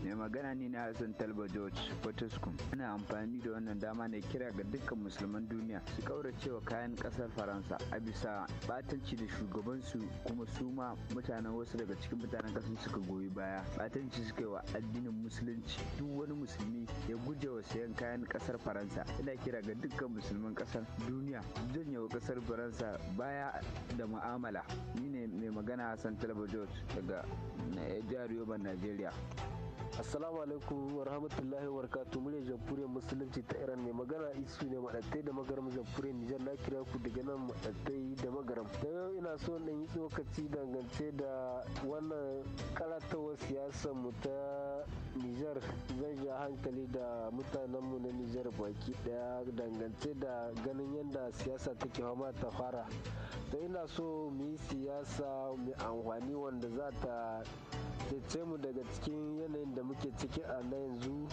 mai magana ne na hassan talba george Potoskum. ana amfani da wannan dama ne kira ga dukkan musulman duniya su kauracewa kayan kasar faransa a bisa batanci da shugabansu kuma su ma mutanen wasu daga cikin mutanen kasar suka goyi baya batanci suka yi wa addinin musulunci duk wani musulmi ya guje wa sayan kayan kasar faransa ina kira ga dukkan musulman kasar duniya janyewa kasar faransa baya da mu'amala ni ne mai magana hassan talba george daga eh, jihar yoban najeriya Assalamu alaikum wa rahmatullahi wa barakatuh muryar jamhuriyar musulunci ta Iran mai magana isu ne madattai da magaram jamhuriyar Nijar na kira ku daga nan madattai da magaram. Da yau ina so in yi tsokaci dangance da wannan karatawar siyasar mu ta Nijar zan ja hankali da mutanen mu na Nijar baki daya dangance da ganin yadda siyasa take fama ta fara to ina so mu yi siyasa mu amfani wanda za ta cece mu daga cikin yanayin da muke ciki a na yanzu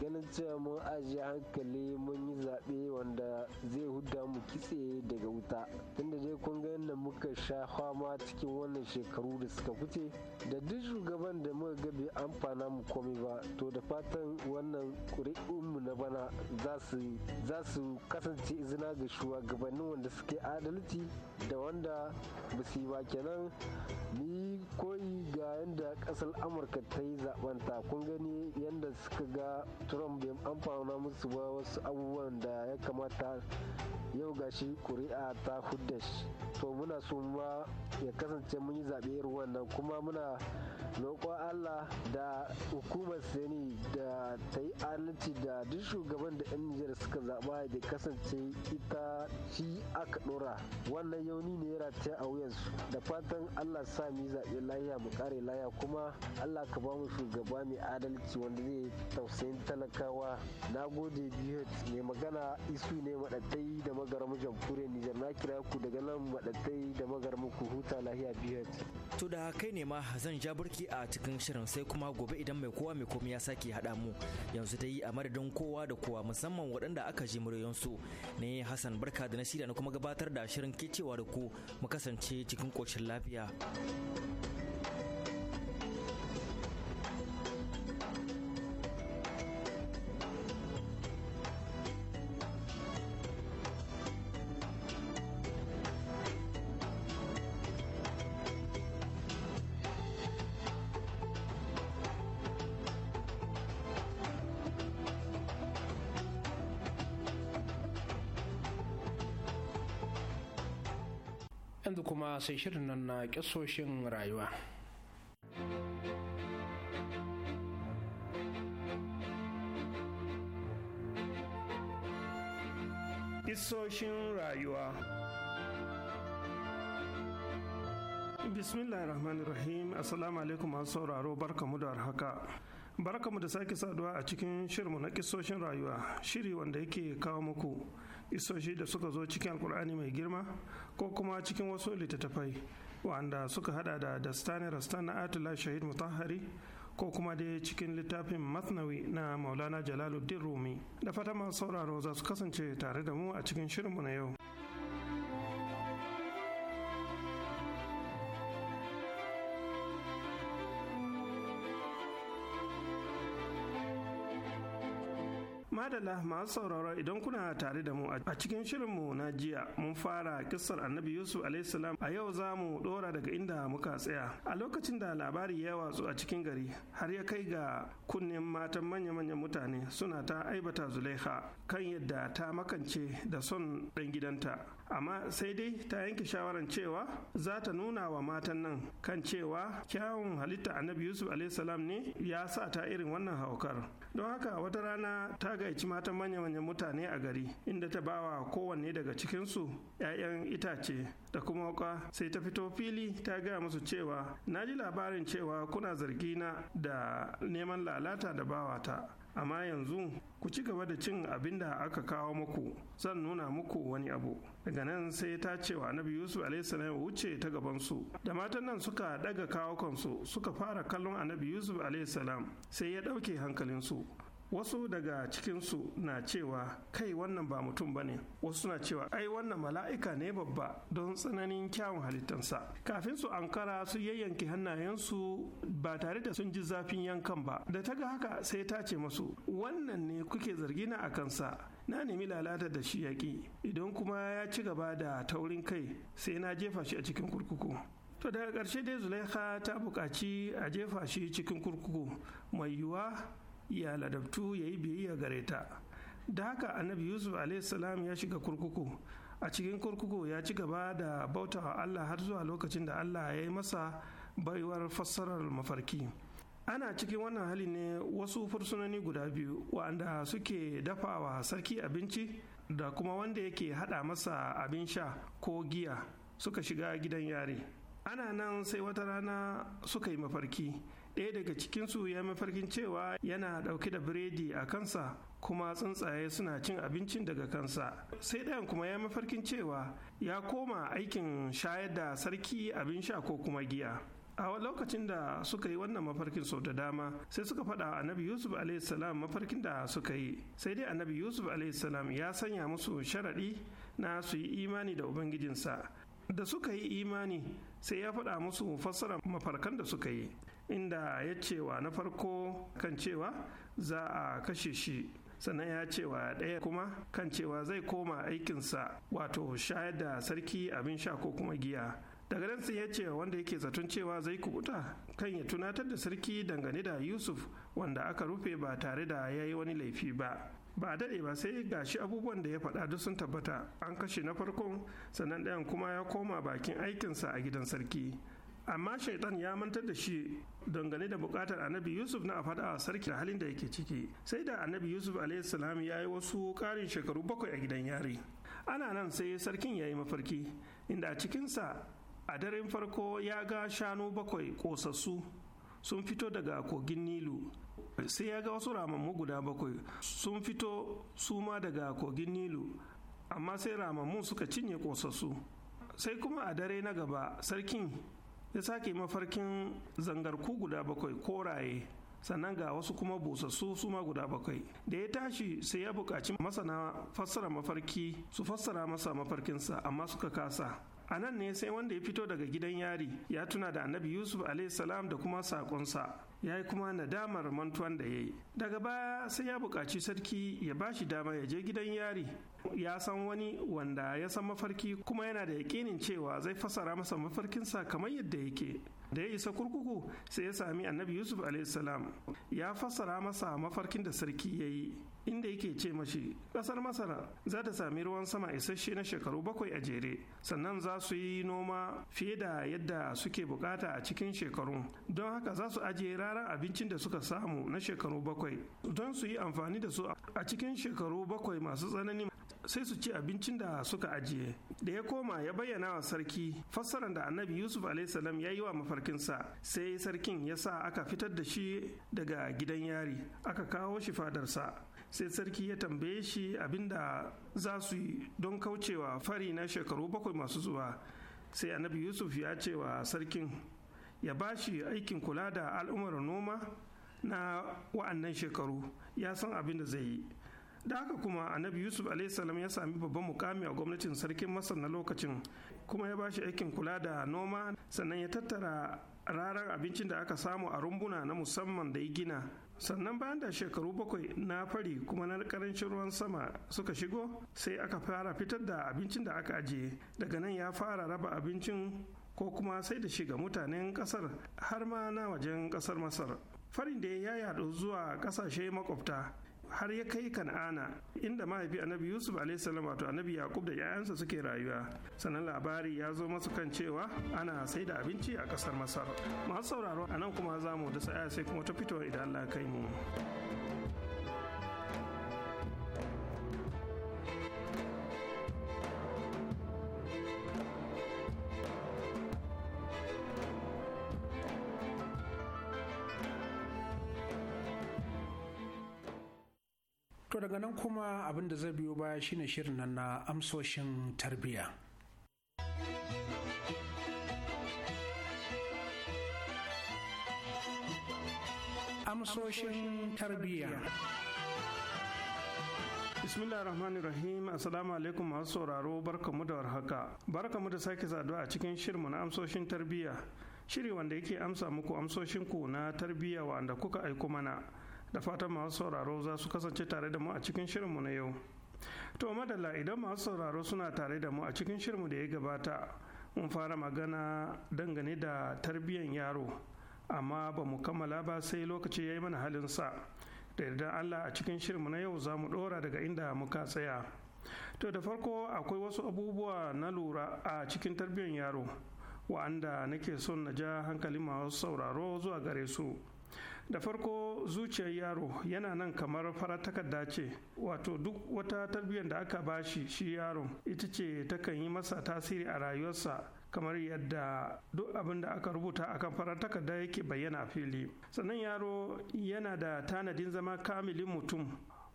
ganin cewa mun ajiye hankali mun yi zaɓe wanda zai huda mu kitse daga wuta tunda dai kun ga yadda muka sha fama cikin wannan shekaru da suka wuce da duk shugaban da muka ga bai amfana mu komai ba to da fatan wannan mu na bana za su kasance izina ga shugabannin wanda suke adalci da wanda ba su yi ba kenan ni koyi ga yadda ƙasar amurka ta yi zaɓen ta kun gani yadda suka ga trump bai amfana musu ba wasu abubuwan da ya kamata yau gashi kuri'a ta hudda to muna so ma ya kasance mun yi zaɓe irin wannan kuma muna roƙon allah da hukumar seni da ta yi adalci da duk shugaban da 'yan nijar suka zaɓa da kasance ita shi aka ɗora wannan yauni ne ya rataya a wuyansu da fatan allah sa mu zaɓe lahiya mu ƙare lahiya kuma allah ka ba mu shugaba mai adalci wanda zai tausayin talakawa na gode biyu mai magana isu ne maɗatai da magaramu jamhuriyar nijar na kira ku daga nan maɗatai da magaramu ku huta lahiya biyu to da kai ne ma zan ja burki a cikin shirin sai kuma gobe idan mai kowa mai komai ya sake haɗa mu yanzu dai a madadin kowa da kowa musamman waɗanda aka ji muryoyinsu ne hasan barka da na shirya na kuma gabatar da shirin ke da ku mu kasance cikin koshin lafiya. sai shirin nan na kisoshin rayuwa Kisoshin rayuwa Bismillah ar-Rahman rahim Assalamu alaikum masu sauraro barkamu da haka. Barkamu da sake saduwa a cikin shirmu na kisoshin rayuwa, shiri wanda yake kawo muku isoshi da suka zo cikin alkur'ani mai girma ko kuma cikin wasu littattafai wanda suka hada da dastani rastan na atula shahid mutahari ko kuma dai cikin littafin masnawi na maulana jalaluddin rumi da fata masu sauraro za su kasance tare da mu a cikin shirinmu na yau madalla masu sauraro idan kuna tare da mu a cikin shirin mu na jiya mun fara kissar annabi yusuf alaihissalam a yau za mu dora daga inda muka tsaya a lokacin da labari ya watsu a cikin gari har ya kai ga kunnen matan manya-manyan mutane suna ta aibata zulaiha kan yadda ta makance da son dan gidanta amma sai dai ta yanke shawaran cewa za ta nuna wa matan nan kan cewa kyawun halitta annabi yusuf alaihissalam ne ya sa ta irin wannan haukar don haka wata rana ta gaici matan manya-manyan mutane a gari inda ta bawa kowanne daga cikinsu 'ya'yan itace da kuma wuka sai ta fito fili ta gaya musu cewa na ji labarin cewa kuna na da neman lalata da bawata amma yanzu ku ci gaba da cin abin da aka kawo muku zan nuna muku wani abu daga nan sai ta ce wa annabi yusuf alaihissalam wuce ta gaban su da matan nan suka daga kawo kansu suka fara kallon annabi yusuf alaihissalam sai ya ɗauke hankalinsu wasu daga cikinsu na cewa kai wannan ba mutum ba ne wasu na cewa ai wannan mala'ika ne babba don tsananin kyawun halittansa kafin su ankara su yayyanke hannayensu ba tare da sun ji zafin yankan ba da ta ga haka sai ta ce masu wannan ne kuke zargina a kansa na nemi lalata da shi yaƙi idan kuma ya ci gaba da taurin kai sai na jefa shi a cikin kurkuku to daga ƙarshe dai zulaiha ta buƙaci a jefa shi cikin kurkuku mai yiwuwa ya ladabtu ya yi biyayya gare ta da haka annabi yusuf salam ya shiga kurkuku a cikin kurkuku ya ci gaba da bautawa allah har zuwa lokacin da allah ya yi masa baiwar fassarar mafarki ana cikin wannan hali ne wasu fursunoni guda biyu wanda suke dafawa sarki abinci da kuma wanda yake hada masa abin sha ko giya suka shiga gidan yare ana nan sai wata rana suka yi mafarki ɗaya daga cikinsu ya mafarkin cewa yana ɗauke da biredi a kansa kuma tsuntsaye suna cin abincin daga kansa sai ɗayan kuma ya mafarkin cewa ya koma aikin shayar da sarki abin sha ko kuma giya a lokacin da suka yi wannan mafarkin sau da dama sai suka faɗa annabi yusuf salam mafarkin da suka yi sai dai annabi yusuf salam ya sanya musu sharaɗi na su yi imani da ubangijinsa da suka yi imani sai ya faɗa musu fassarar mafarkan da suka yi inda ya cewa na farko kan cewa za a kashe shi sannan ya cewa ɗaya kuma kan cewa zai koma aikinsa wato shayar da sarki abin sha ko kuma giya daga nan sai ya ce wanda yake zaton cewa zai kubuta kan ya tunatar da sarki dangane da yusuf wanda aka rufe ba tare da ya yi wani laifi ba ba a daɗe ba sai gashi abubuwan da ya faɗa duk sun tabbata an kashe na farkon sannan ɗayan kuma ya koma bakin aikinsa a gidan sarki amma Shaitan ya mantar da shi dangane da bukatar annabi yusuf na a fada a sarki halin da yake ciki sai da annabi yusuf a.s. ya yi wasu karin shekaru bakwai a gidan yari ana nan sai sarkin ya yi mafarki inda a cikinsa a daren farko ya ga shanu bakwai kosassu sun fito daga kogin nilu sai ya ga wasu ramammu guda bakwai sun fito su ma daga kogin nilu amma sai ramammu suka cinye kosassu sai kuma a dare na gaba sarkin ya sake mafarkin zangarku guda bakwai koraye sannan ga wasu kuma busassu su ma guda bakwai da ya tashi sai ya buƙaci masana fassara mafarki su fassara masa mafarkinsa amma suka kasa a nan ne sai wanda ya fito daga gidan yari ya tuna da annabi yusuf salam da kuma saƙonsa ya yi kuma nadamar mantuwan da ya yi daga baya sai ya buƙaci sarki ya ba shi dama ya je gidan yari ya san wani wanda ya san mafarki kuma yana da yaƙinin cewa zai fasara masa mafarkinsa kamar yadda yake da ya isa kurkuku sai ya sami annabi yusuf salam ya fasara masa mafarkin da sarki ya yi inda yake ce mashi ƙasar Masara za ta sami ruwan sama isasshe na shekaru bakwai a jere sannan za su yi noma fiye da yadda suke bukata a cikin shekaru don haka za su ajiye raran abincin da suka samu na shekaru bakwai don su yi amfani da su a cikin shekaru bakwai masu tsanani sai su ci abincin da suka ajiye da ya koma ya bayyana wa sarki fassarar da annabi yusuf alaihissalam ya yi wa mafarkinsa sai sarkin ya sa aka fitar da shi daga gidan yari aka kawo shi fadarsa sai sarki ya tambaye shi abinda za su yi don kaucewa fari na shekaru bakwai masu zuwa sai annabi yusuf ya ce wa sarkin ya ba shi aikin kula da al'ummar noma na wa'annan shekaru ya san abin da zai yi da haka kuma annabi yusuf salam ya sami babban mukami a gwamnatin sarkin masar na lokacin kuma ya bashi aikin kula da noma sannan ya tattara rarar abincin da aka samu a rumbuna na musamman da ya gina sannan bayan da shekaru bakwai na fari kuma na karancin ruwan sama suka shigo sai aka fara fitar da abincin da aka ajiye daga nan ya fara raba abincin ko kuma sai da shiga mutanen kasar har ma na wajen kasar masar farin da ya yaɗu zuwa kasashe makwabta har ya kai kan'ana inda mahaifi annabi yusuf alaihissalam wato annabi yakub da 'ya'yansa suke rayuwa sannan labari ya zo masu kan cewa ana sai da abinci a ƙasar masar masu sauraro a nan kuma za mu da sai kuma ta fito idan allah kai mu to daga nan kuma abin da zai biyo baya shine shirin nan na amsoshin tarbiyya amsoshin tarbiyya bismillah rahman rahim assalamu alaikum masu sauraro mu da warhaka mu da sake saduwa a cikin shirmu na amsoshin tarbiyya shiri wanda yake amsa muku amsoshinku na tarbiyya wanda kuka aiko mana da fatan masu sauraro za su kasance tare da mu a cikin shirinmu na yau to madalla idan masu sauraro suna tare da mu a cikin shirinmu da ya gabata mun fara magana dangane da tarbiyyan yaro amma ba mu kammala ba sai lokaci ya yi mana halinsa da yardan allah a cikin shirinmu na yau za mu ɗora daga inda muka tsaya to da farko akwai wasu abubuwa na lura a cikin tarbiyyan yaro wa'anda nake son na ja hankali masu sauraro zuwa gare su da farko zuciyar yaro yana nan kamar fara takarda ce wato duk wata tarbiyyar da aka bashi shi yaron ita ce takan yi masa tasiri a rayuwarsa kamar yadda duk abin da aka rubuta a kan farar takarda yake bayyana fili sannan yaro yana da tanadin zama kamilin mutum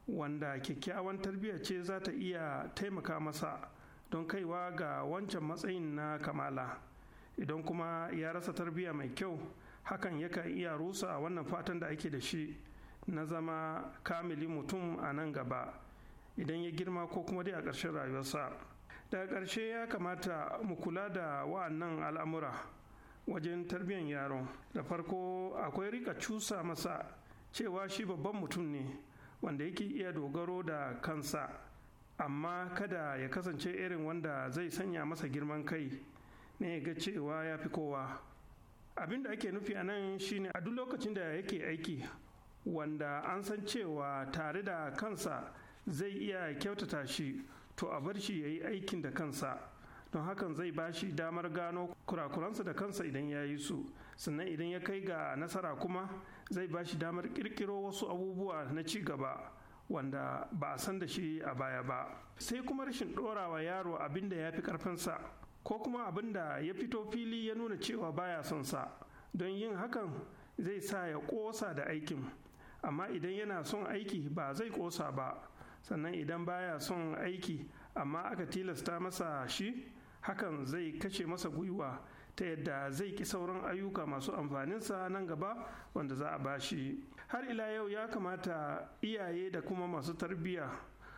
wanda kyakkyawan tarbiyya ce za ta iya taimaka masa don kaiwa ga wancan matsayin na kamala idan kuma ya rasa tarbiyya mai kyau hakan yakan iya rusa a wannan fatan da ake da shi na zama kamili mutum a nan gaba idan ya girma ko kuma dai a ƙarshen rayuwarsa daga ƙarshe ya kamata mu kula da wa'annan al'amura wajen tarbiyyar yaron da farko akwai rika cusa masa cewa shi babban mutum ne wanda yake iya dogaro da kansa amma kada ya kasance irin wanda zai sanya masa girman kai ne ga cewa ya fi kowa abin da ake nufi a nan shine a duk lokacin da yake aiki wanda an san cewa tare da kansa zai iya kyautata shi to a bar shi ya yi aikin da kansa don hakan zai ba shi damar gano kurakuransa da kansa idan ya yi su sannan idan ya kai ga nasara kuma zai ba shi damar kirkiro wasu abubuwa na ci gaba wanda ba a san da shi a baya ba sai kuma rashin ɗorawa yaro abin da ya fi ƙarfinsa ko kuma abin da ya fito fili ya nuna cewa baya son sa don yin hakan zai sa ya ƙosa da aikin amma idan yana son aiki ba zai ƙosa ba sannan idan baya son aiki amma aka tilasta masa shi hakan zai kashe masa gwiwa ta yadda zai ki sauran ayyuka masu amfaninsa nan gaba wanda za a bashi har ila yau ya kamata iyaye da kuma masu tarbiyya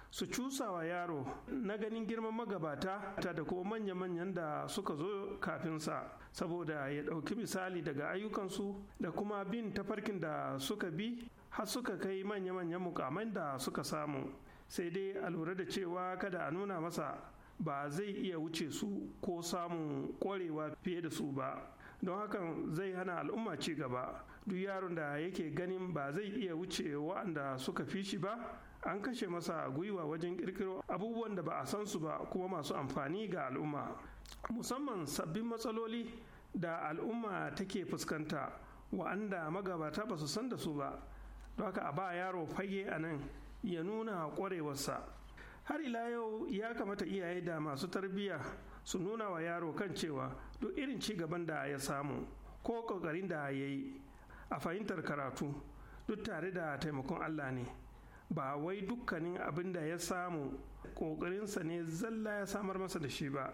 su cusawa yaro na ganin girman magabata ta da kuma manya-manyan da suka zo kafinsa saboda ya ɗauki misali daga ayyukansu da kuma bin tafarkin da suka bi har suka kai manya-manyan mukamai da suka samu sai dai a lura da cewa kada a nuna masa ba zai iya wuce su ko samun ƙwarewa fiye da su ba don hakan zai hana al'umma ci gaba duk yaron da yake ganin ba zai iya wuce wa'anda suka fi shi ba an kashe masa gwiwa wajen kirkiro abubuwan da ba a san su ba kuma masu amfani ga al'umma musamman sabbin matsaloli da al'umma take fuskanta wa'anda magabata ba su san da su ba don haka a ba yaro fage a nan ya nuna ƙwarewarsa har ila yau ya kamata iyaye da masu tarbiyya su nuna wa yaro kan cewa duk irin ci gaban da ya samu ko ƙoƙarin da ya yi a fahimtar karatu duk tare da taimakon allah ne ba wai dukkanin abin da ya samu ƙoƙarinsa ne zalla ya samar masa da shi ba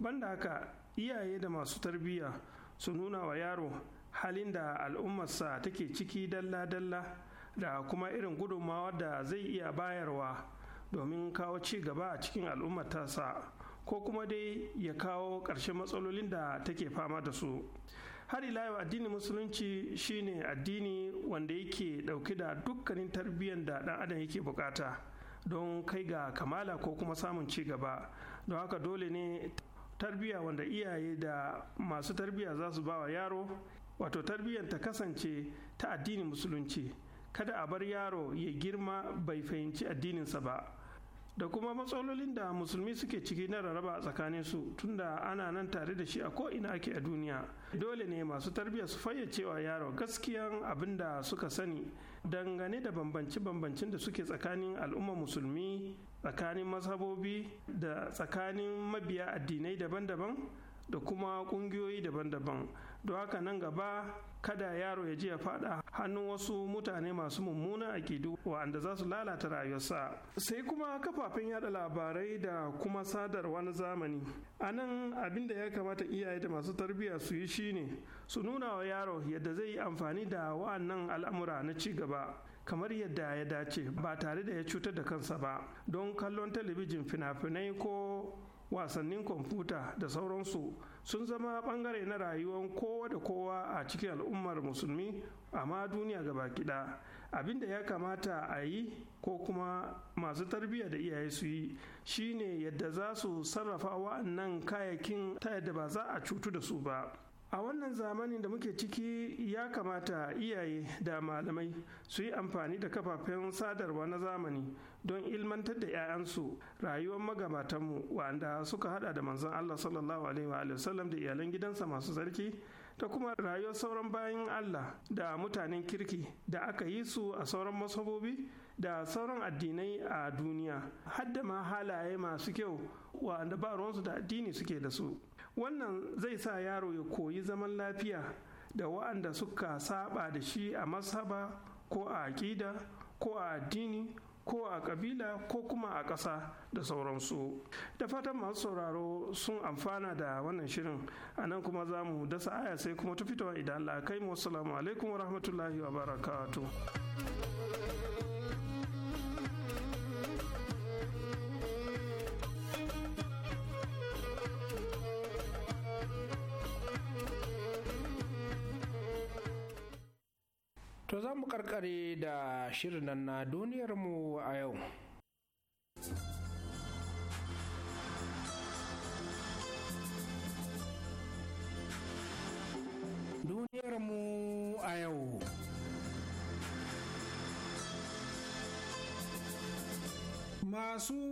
banda haka iyaye da masu tarbiyya su nuna wa yaro halin da al'ummarsa take ciki dalla-dalla da kuma irin gudunmawa da zai iya bayarwa domin kawo ci gaba a cikin al'ummar ko kuma dai ya kawo ƙarshen matsalolin da take fama da su har ila yau addinin musulunci shine addini wanda yake dauke da dukkanin tarbiyyar da dan adam yake bukata don kai ga kamala ko kuma samun ci gaba don haka dole ne tarbiyya wanda iyaye da masu tarbiyya za su ba wa yaro wato tarbiyyar ta kasance ta addinin musulunci kada a bar yaro ya girma bai fahimci addininsa ba da kuma matsalolin da musulmi suke ciki na rarraba a tsakanin su tunda ana nan tare da shi a ko'ina ake a duniya dole ne masu tarbiyya su fayyacewa yaro gaskiyan abin da suka sani dangane da bambance-bambancin da suke tsakanin al'umma musulmi tsakanin mazhabobi da tsakanin mabiya addinai daban-daban da kuma ƙungiyoyi daban-daban don haka nan gaba kada yaro ya ji ya fada hannun wasu mutane masu mummuna mummunan kidu wa'anda za su lalata rayuwarsa sai kuma kafafen yada labarai da kuma sadarwa na zamani a nan abin da ya kamata iyaye da masu tarbiyya su yi shine su nuna wa yaro yadda zai yi amfani da wa'annan al'amura na ci gaba kamar yadda ya dace ba tare da ya cutar da kansa ba don kallon talabijin fina-finai ko wasannin kwamfuta da sauransu sun zama bangare na rayuwar kowa da kowa a cikin al'ummar musulmi amma duniya gaba kiɗa abinda ya kamata a yi ko kuma masu tarbiyya da iyaye su yi shine yadda za su sarrafa wa'annan kayakin ta yadda ba za a cutu da su ba a wannan zamanin da muke ciki ya kamata iyaye da malamai su yi amfani da kafafen sadarwa na zamani don ilmantar da 'ya'yansu rayuwar magabatanmu wanda suka hada da manzon Allah sallallahu alaihi wa da iyalan gidansa masu zarki ta kuma rayuwar sauran bayan Allah da mutanen kirki da aka yi su a sauran masabobi da sauran addinai a duniya hadda ma halaye masu kyau wanda ba ruwansu da addini suke da su wannan zai sa yaro ya koyi zaman lafiya da wa'anda suka saba da shi a masaba ko a aƙida ko a addini ko a ƙabila ko kuma a ƙasa da sauransu da fatan masu sauraro sun amfana da wannan shirin a nan kuma za mu dasa aya sai kuma ta fitowa idan la'akai kai mu alaikum wa rahmatullahi wa barakatuh to za mu karkare da shirin nan na duniyarmu a yau duniyarmu a yau Masu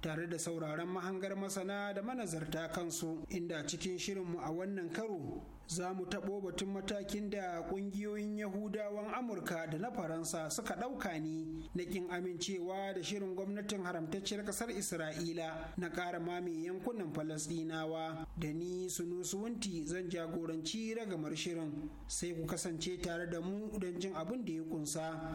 tare da sauraron mahangar masana da manazarta kansu inda cikin shirinmu a wannan karo za mu taɓo batun matakin da ƙungiyoyin Yahudawan Amurka da na Faransa suka ɗauka ne na ƙin amincewa da shirin gwamnatin haramtacciyar ƙasar Isra'ila na ƙara mame yankunan Falasɗinawa da ni sunusuwunti zan jagoranci ragamar shirin sai ku kasance tare da mu don jin abin da ya kunsa.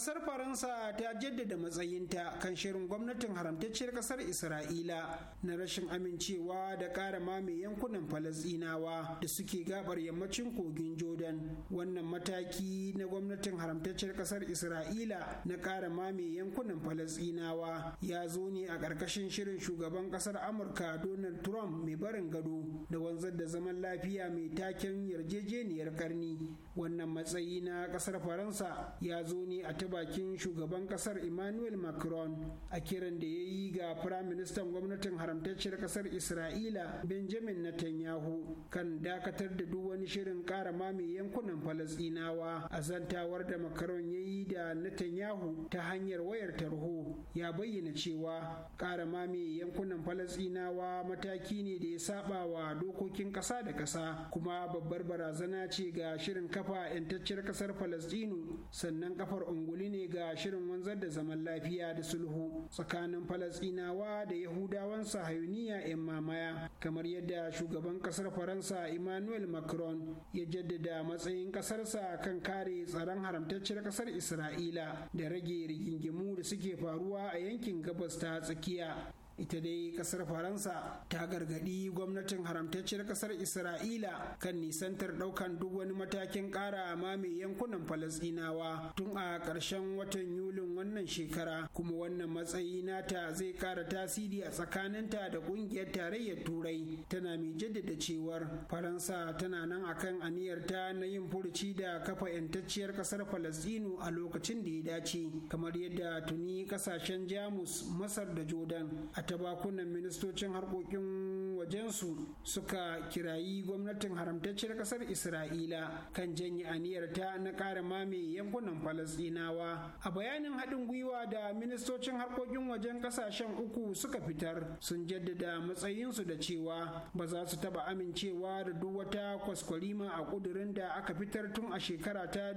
kasar faransa ta jaddada matsayinta kan shirin gwamnatin haramtacciyar kasar isra'ila na rashin amincewa da ƙara mame yankunan Falasdinawa da suke gabar yammacin kogin jordan wannan mataki na gwamnatin haramtacciyar kasar isra'ila na ƙara mame yankunan Falasdinawa ya zo ne a ƙarƙashin shirin shugaban kasar amurka donald trump mai barin gado da wanzar da zaman lafiya mai taken yarjejeniyar karni wannan matsayi na kasar faransa ya zo ne a bakin shugaban kasar emmanuel macron a kiran da ya yi ga firaministan gwamnatin haramtacciyar kasar isra'ila benjamin netanyahu kan dakatar da duk wani shirin kara mame yankunan falasɗinawa a zantawar da macron ya yi da netanyahu ta hanyar wayar tarho ya bayyana cewa kara mame yankunan falasɗinawa mataki ne da ya saba wa dokokin kasa da kasa kuma babbar barazana ce ga shirin kafa 'yantacciyar kasar falasdinu sannan kafar ungu dunguli ne ga shirin wanzar da zaman lafiya da sulhu tsakanin falasɗinawa da yahudawan sahayuniya 'yan mamaya kamar yadda shugaban ƙasar faransa emmanuel macron ya jaddada matsayin ƙasarsa kan kare tsaron haramtacciyar ƙasar isra'ila da rage rigingimu da suke faruwa a yankin gabas ta tsakiya ita dai kasar faransa ta gargadi gwamnatin haramtacciyar kasar isra'ila kan nisantar daukan duk wani matakin kara mai yankunan falasdinawa tun a ƙarshen watan yulin wannan shekara kuma wannan matsayi nata zai kara tasiri a tsakaninta da ƙungiyar tarayyar turai tana mai jaddada cewar faransa tana nan akan aniyarta na yin furuci da kafa 'yantacciyar kasar falasdinu a lokacin da ya dace kamar yadda tuni kasashen jamus masar da jordan a ta bakunan ministocin harkokin wajensu suka kirayi gwamnatin haramtacciyar kasar isra'ila kan janye aniyarta na ƙara mame yankunan falasɗinawa a bayanin haɗin gwiwa da ministocin harkokin wajen ƙasashen uku suka fitar sun jaddada matsayinsu da cewa ba za su taba amincewa da duk wata kwaskwarima a ƙudurin da aka fitar tun a shekara ta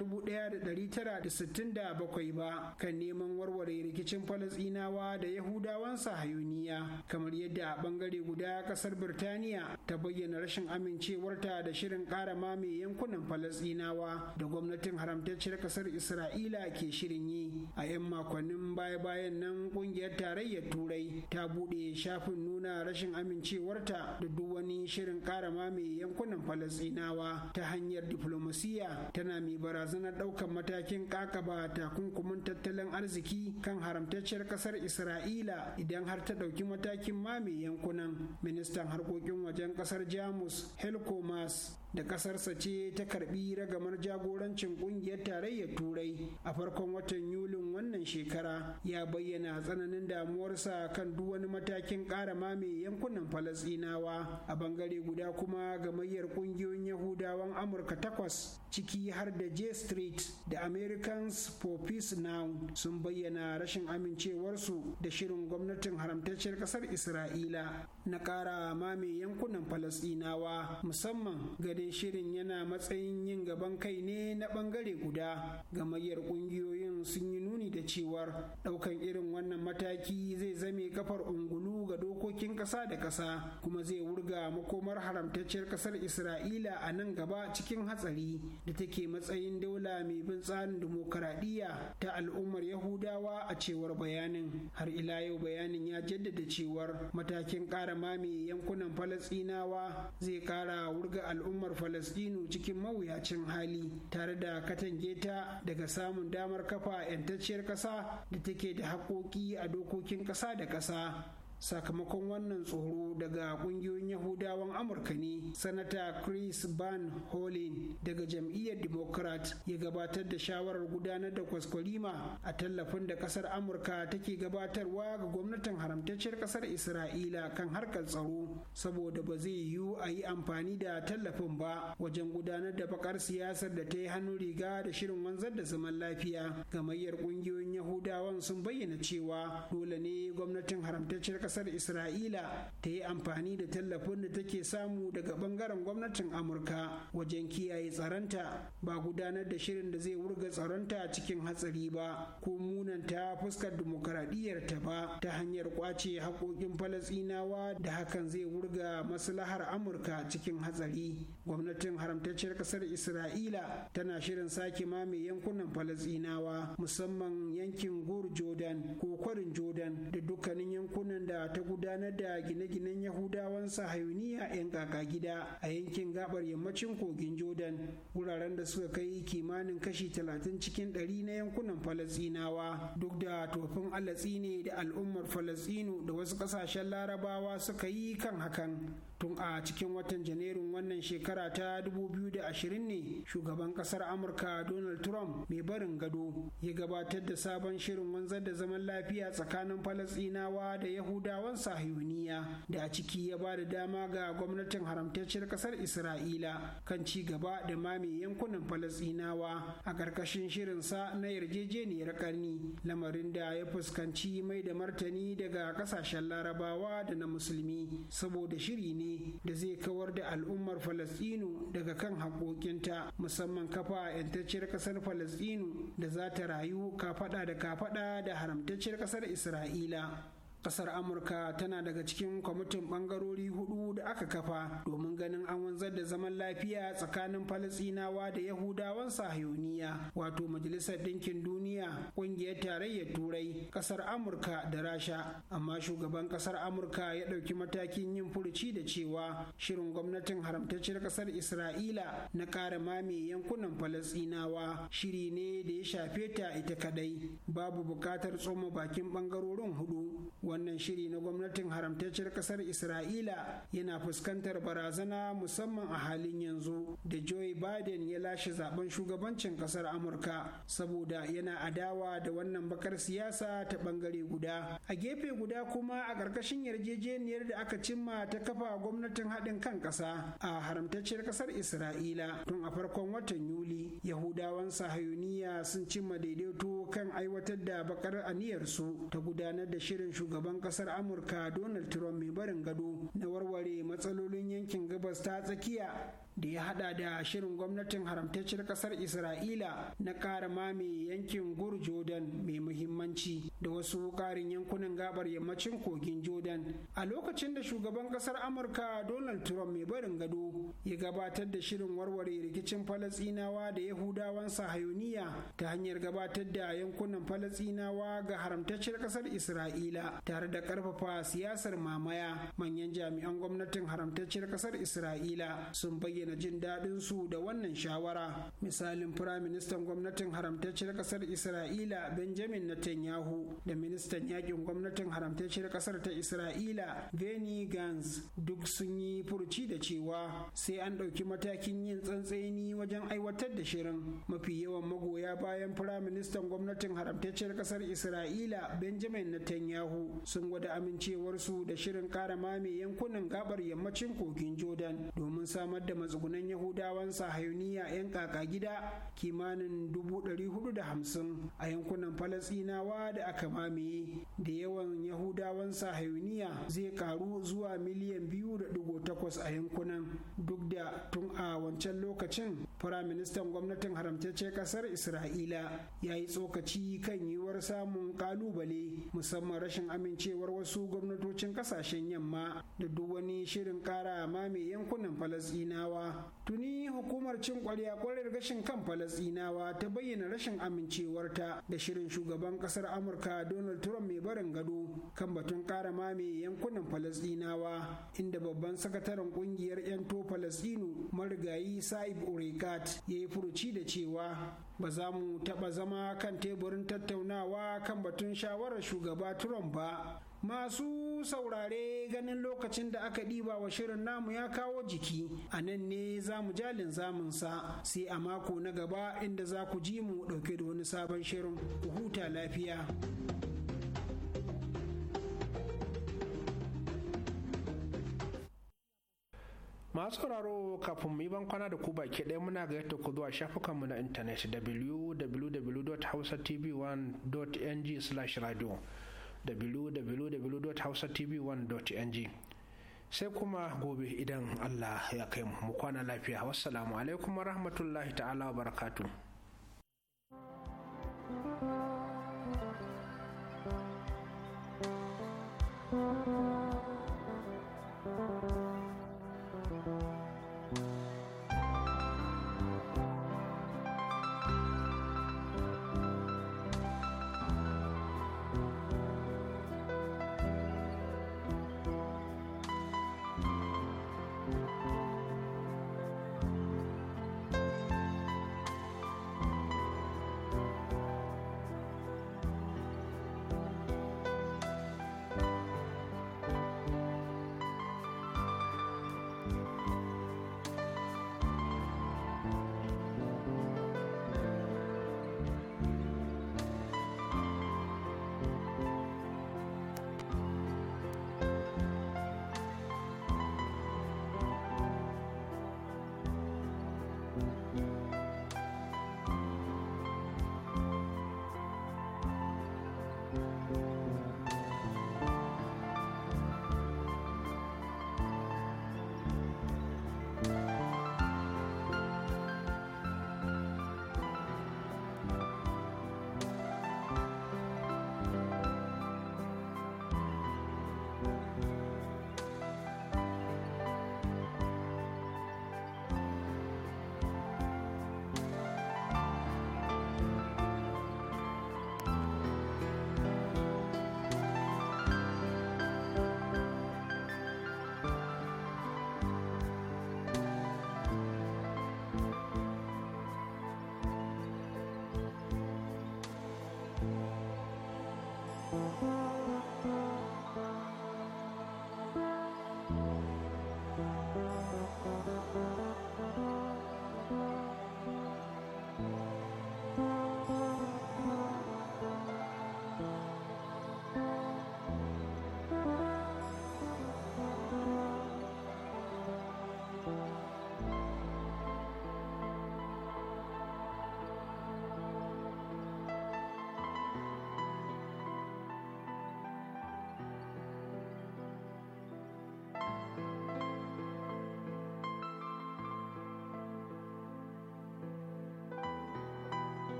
bakwai ba kan neman warware rikicin falasɗinawa da yahudawan sahayuniya kamar yadda a ɓangare guda ƙasar kasar birtaniya ta bayyana rashin amincewarta da shirin ƙara mame yankunan falasɗinawa da gwamnatin haramtacciyar kasar isra'ila ke shirin yi a 'yan makonnin baya-bayan nan ƙungiyar tarayyar turai ta buɗe shafin nuna rashin amincewarta da duk wani shirin kara mame yankunan Falasdinawa ta hanyar diflomasiya tana mai barazanar ɗaukar matakin ƙaƙaba takunkumin tattalin arziki kan haramtacciyar kasar isra'ila idan har ta ɗauki matakin mame yankunan minista ministan harkokin wajen kasar jamus helko mas da kasarsa ce ta karbi ragamar jagorancin kungiyar tarayyar turai a farkon watan yulin wannan shekara ya bayyana tsananin damuwarsa kan duk wani matakin ƙara mame yankunan falasinawa a bangare guda kuma gamayyar kungiyoyin yahudawan amurka takwas ciki har da j street da americans for peace now sun bayyana rashin amincewarsu da shirin gwamnatin haramtacciyar kasar isra'ila na ƙara mame yankunan falasinawa musamman gade dai shirin yana matsayin yin gaban kai ne na bangare guda gamayyar kungiyoyin sun yi nuni da cewar daukan irin wannan mataki zai zame kafar ungulu ga dokokin kasa da kasa kuma zai wurga makomar haramtacciyar kasar isra'ila a nan gaba cikin hatsari da take matsayin daula mai bin tsarin dimokuraɗiyya ta al'ummar yahudawa a cewar bayanin har ila yau bayanin ya jaddada cewar matakin ƙara mame yankunan falasɗinawa zai ƙara wurga al'ummar al'ummar falastinu cikin mawuyacin hali tare da katange ta daga samun damar kafa 'yantacciyar ƙasa da take da haƙoƙi a dokokin ƙasa da ƙasa sakamakon wannan tsoro daga kungiyoyin yahudawan amurka ne sanata chris van hollen daga jam'iyyar democrat ya gabatar da shawarar gudanar da kwaskwalima a tallafin da kasar amurka take gabatarwa ga gwamnatin haramtacciyar kasar isra'ila kan harkar tsaro saboda ba zai yiwu a yi amfani da tallafin ba wajen gudanar da bakar siyasar da ta yi hannun riga da shirin wanzar da zaman lafiya gamayyar kungiyoyin yahudawan sun bayyana cewa dole ne gwamnatin haramtacciyar kasar isra'ila ta yi amfani da tallafin da take samu daga bangaren gwamnatin amurka wajen kiyaye tsaronta ba gudanar da shirin da zai wurga tsaronta cikin hatsari ba ko munanta fuskar dimokuraɗiyyar ta ba ta hanyar kwace haƙoƙin falasinawa da hakan zai wurga maslahar amurka cikin hatsari gwamnatin haramtacciyar kasar isra'ila tana shirin sake mame yankunan falasinawa musamman yankin gur jordan ko kwarin jordan da dukkanin yankunan da ta gudanar da gine-ginen yahudawan sahayuniya 'yan kaka gida a yankin gabar yammacin kogin jordan wuraren da suka kai kimanin kashi 30 cikin 100 na yankunan falasinawa duk da tofin alatsi ne da al'ummar falasinu da wasu kasashen larabawa suka yi kan hakan tun a cikin watan janairun wannan shekara ta 2020 ne shugaban kasar amurka donald trump mai barin gado ya gabatar da sabon shirin wanzar da zaman lafiya tsakanin falasinawa da yahudawa kyakkyawan sahihuniya da a ciki ya ba da dama ga gwamnatin haramtacciyar kasar isra'ila kan ci gaba da mame yankunan falasinawa a ƙarƙashin shirinsa na yarjejeniyar ƙarni, lamarin da ya fuskanci mai da martani daga ƙasashen larabawa da na musulmi saboda shiri ne da zai kawar da al'ummar falasinu daga kan haƙoƙinta musamman kafa yantacciyar ƙasar falasinu da za ta rayu kafaɗa da kafaɗa da haramtacciyar ƙasar isra'ila Ƙasar amurka tana daga cikin kwamitin ɓangarori hudu da aka kafa domin ganin an wanzar da zaman lafiya tsakanin falasinawa da yahudawan sahiyoniya wato majalisar ɗinkin duniya ƙungiyar tarayyar turai ƙasar amurka da rasha amma shugaban ƙasar amurka ya ɗauki matakin yin furuci da cewa shirin gwamnatin haramtacciyar ƙasar isra'ila na ƙara mame yankunan falasinawa shiri ne da ya shafe ta ita kadai babu buƙatar tsoma bakin ɓangarorin hudu wannan shiri na gwamnatin haramtacciyar kasar isra'ila yana fuskantar barazana musamman a halin yanzu da joe biden ya lashe zaben shugabancin kasar amurka saboda yana adawa da wannan bakar siyasa ta bangare guda a gefe guda kuma a ƙarƙashin yarjejeniyar da aka cimma ta kafa gwamnatin haɗin kan ƙasa a haramtacciyar kasar isra'ila tun a farkon watan yuli yahudawan sahayuniya sun cimma daidaito kan aiwatar da bakar aniyarsu ta gudanar da shirin shugaban shugaban kasar amurka donald trump mai barin gado na warware matsalolin yankin gabas ta tsakiya da ya hada da shirin gwamnatin haramtacciyar kasar isra'ila na ƙara mame yankin gur jordan mai muhimmanci da wasu karin yankunan gabar yammacin kogin jordan a lokacin da shugaban kasar amurka donald trump mai barin gado ya gabatar da shirin warware rikicin falasinawa da yahudawan sahayoniya ta hanyar gabatar da yankunan falasinawa ga haramtacciyar kasar isra'ila tare da ƙarfafa siyasar mamaya manyan jami'an gwamnatin haramtacciyar kasar isra'ila sun bayyana bayyana jin daɗin su da wannan shawara misalin firaministan gwamnatin haramtacciyar ƙasar isra'ila benjamin netanyahu da ministan yakin gwamnatin haramtacciyar ƙasar ta isra'ila benny gans duk sun yi furci da cewa sai an ɗauki matakin yin tsantseni wajen aiwatar da shirin mafi yawan magoya bayan firaministan gwamnatin haramtacciyar ƙasar isra'ila benjamin netanyahu sun gwada amincewarsu da shirin ƙara mame yankunan gabar yammacin kogin jordan domin samar da kuka-tsugunan yahudawan sahayuniya 'yan kaka gida kimanin 450 a yankunan falasinawa da aka mamaye da yawan yahudawan sahayuniya zai karu zuwa miliyan 2.8 a yankunan duk da tun a wancan lokacin firaministan gwamnatin haramtacce kasar isra'ila ya yi tsokaci kan yiwuwar samun kalubale musamman rashin amincewar wasu gwamnatocin kasashen yamma da duk wani shirin kara mame yankunan falasinawa Tuni hukumar cin ƙwarya kwarar gashin kan falasɗinawa ta bayyana rashin amincewarta da shirin shugaban ƙasar Amurka Donald Trump mai barin gado kan batun kara mame yankunan falasɗinawa inda babban sakataren ƙungiyar 'yan to marigayi Sa'ib Urekat ya yi furuci da cewa ba za mu taɓa zama kan teburin tattaunawa kan batun shawarar shugaba Trump ba masu saurare ganin lokacin da aka ɗiba wa shirin namu ya kawo jiki a nan ne za mu jalin zamunsa sai a mako na gaba inda za ku ji mu ɗauke da wani sabon shirin ku huta lafiya. masu sauraro kafin mu yi bankwana da ku baki ɗaya muna ga yadda ku zuwa shafukanmu na intanet www.hausatv1.ng/radio www.hausatv1.ng sai kuma gobe idan Allah ya kai mu kwana lafiya wassalamu alaikum rahmatullahi ta'ala wa barakatu. thank you Thank you.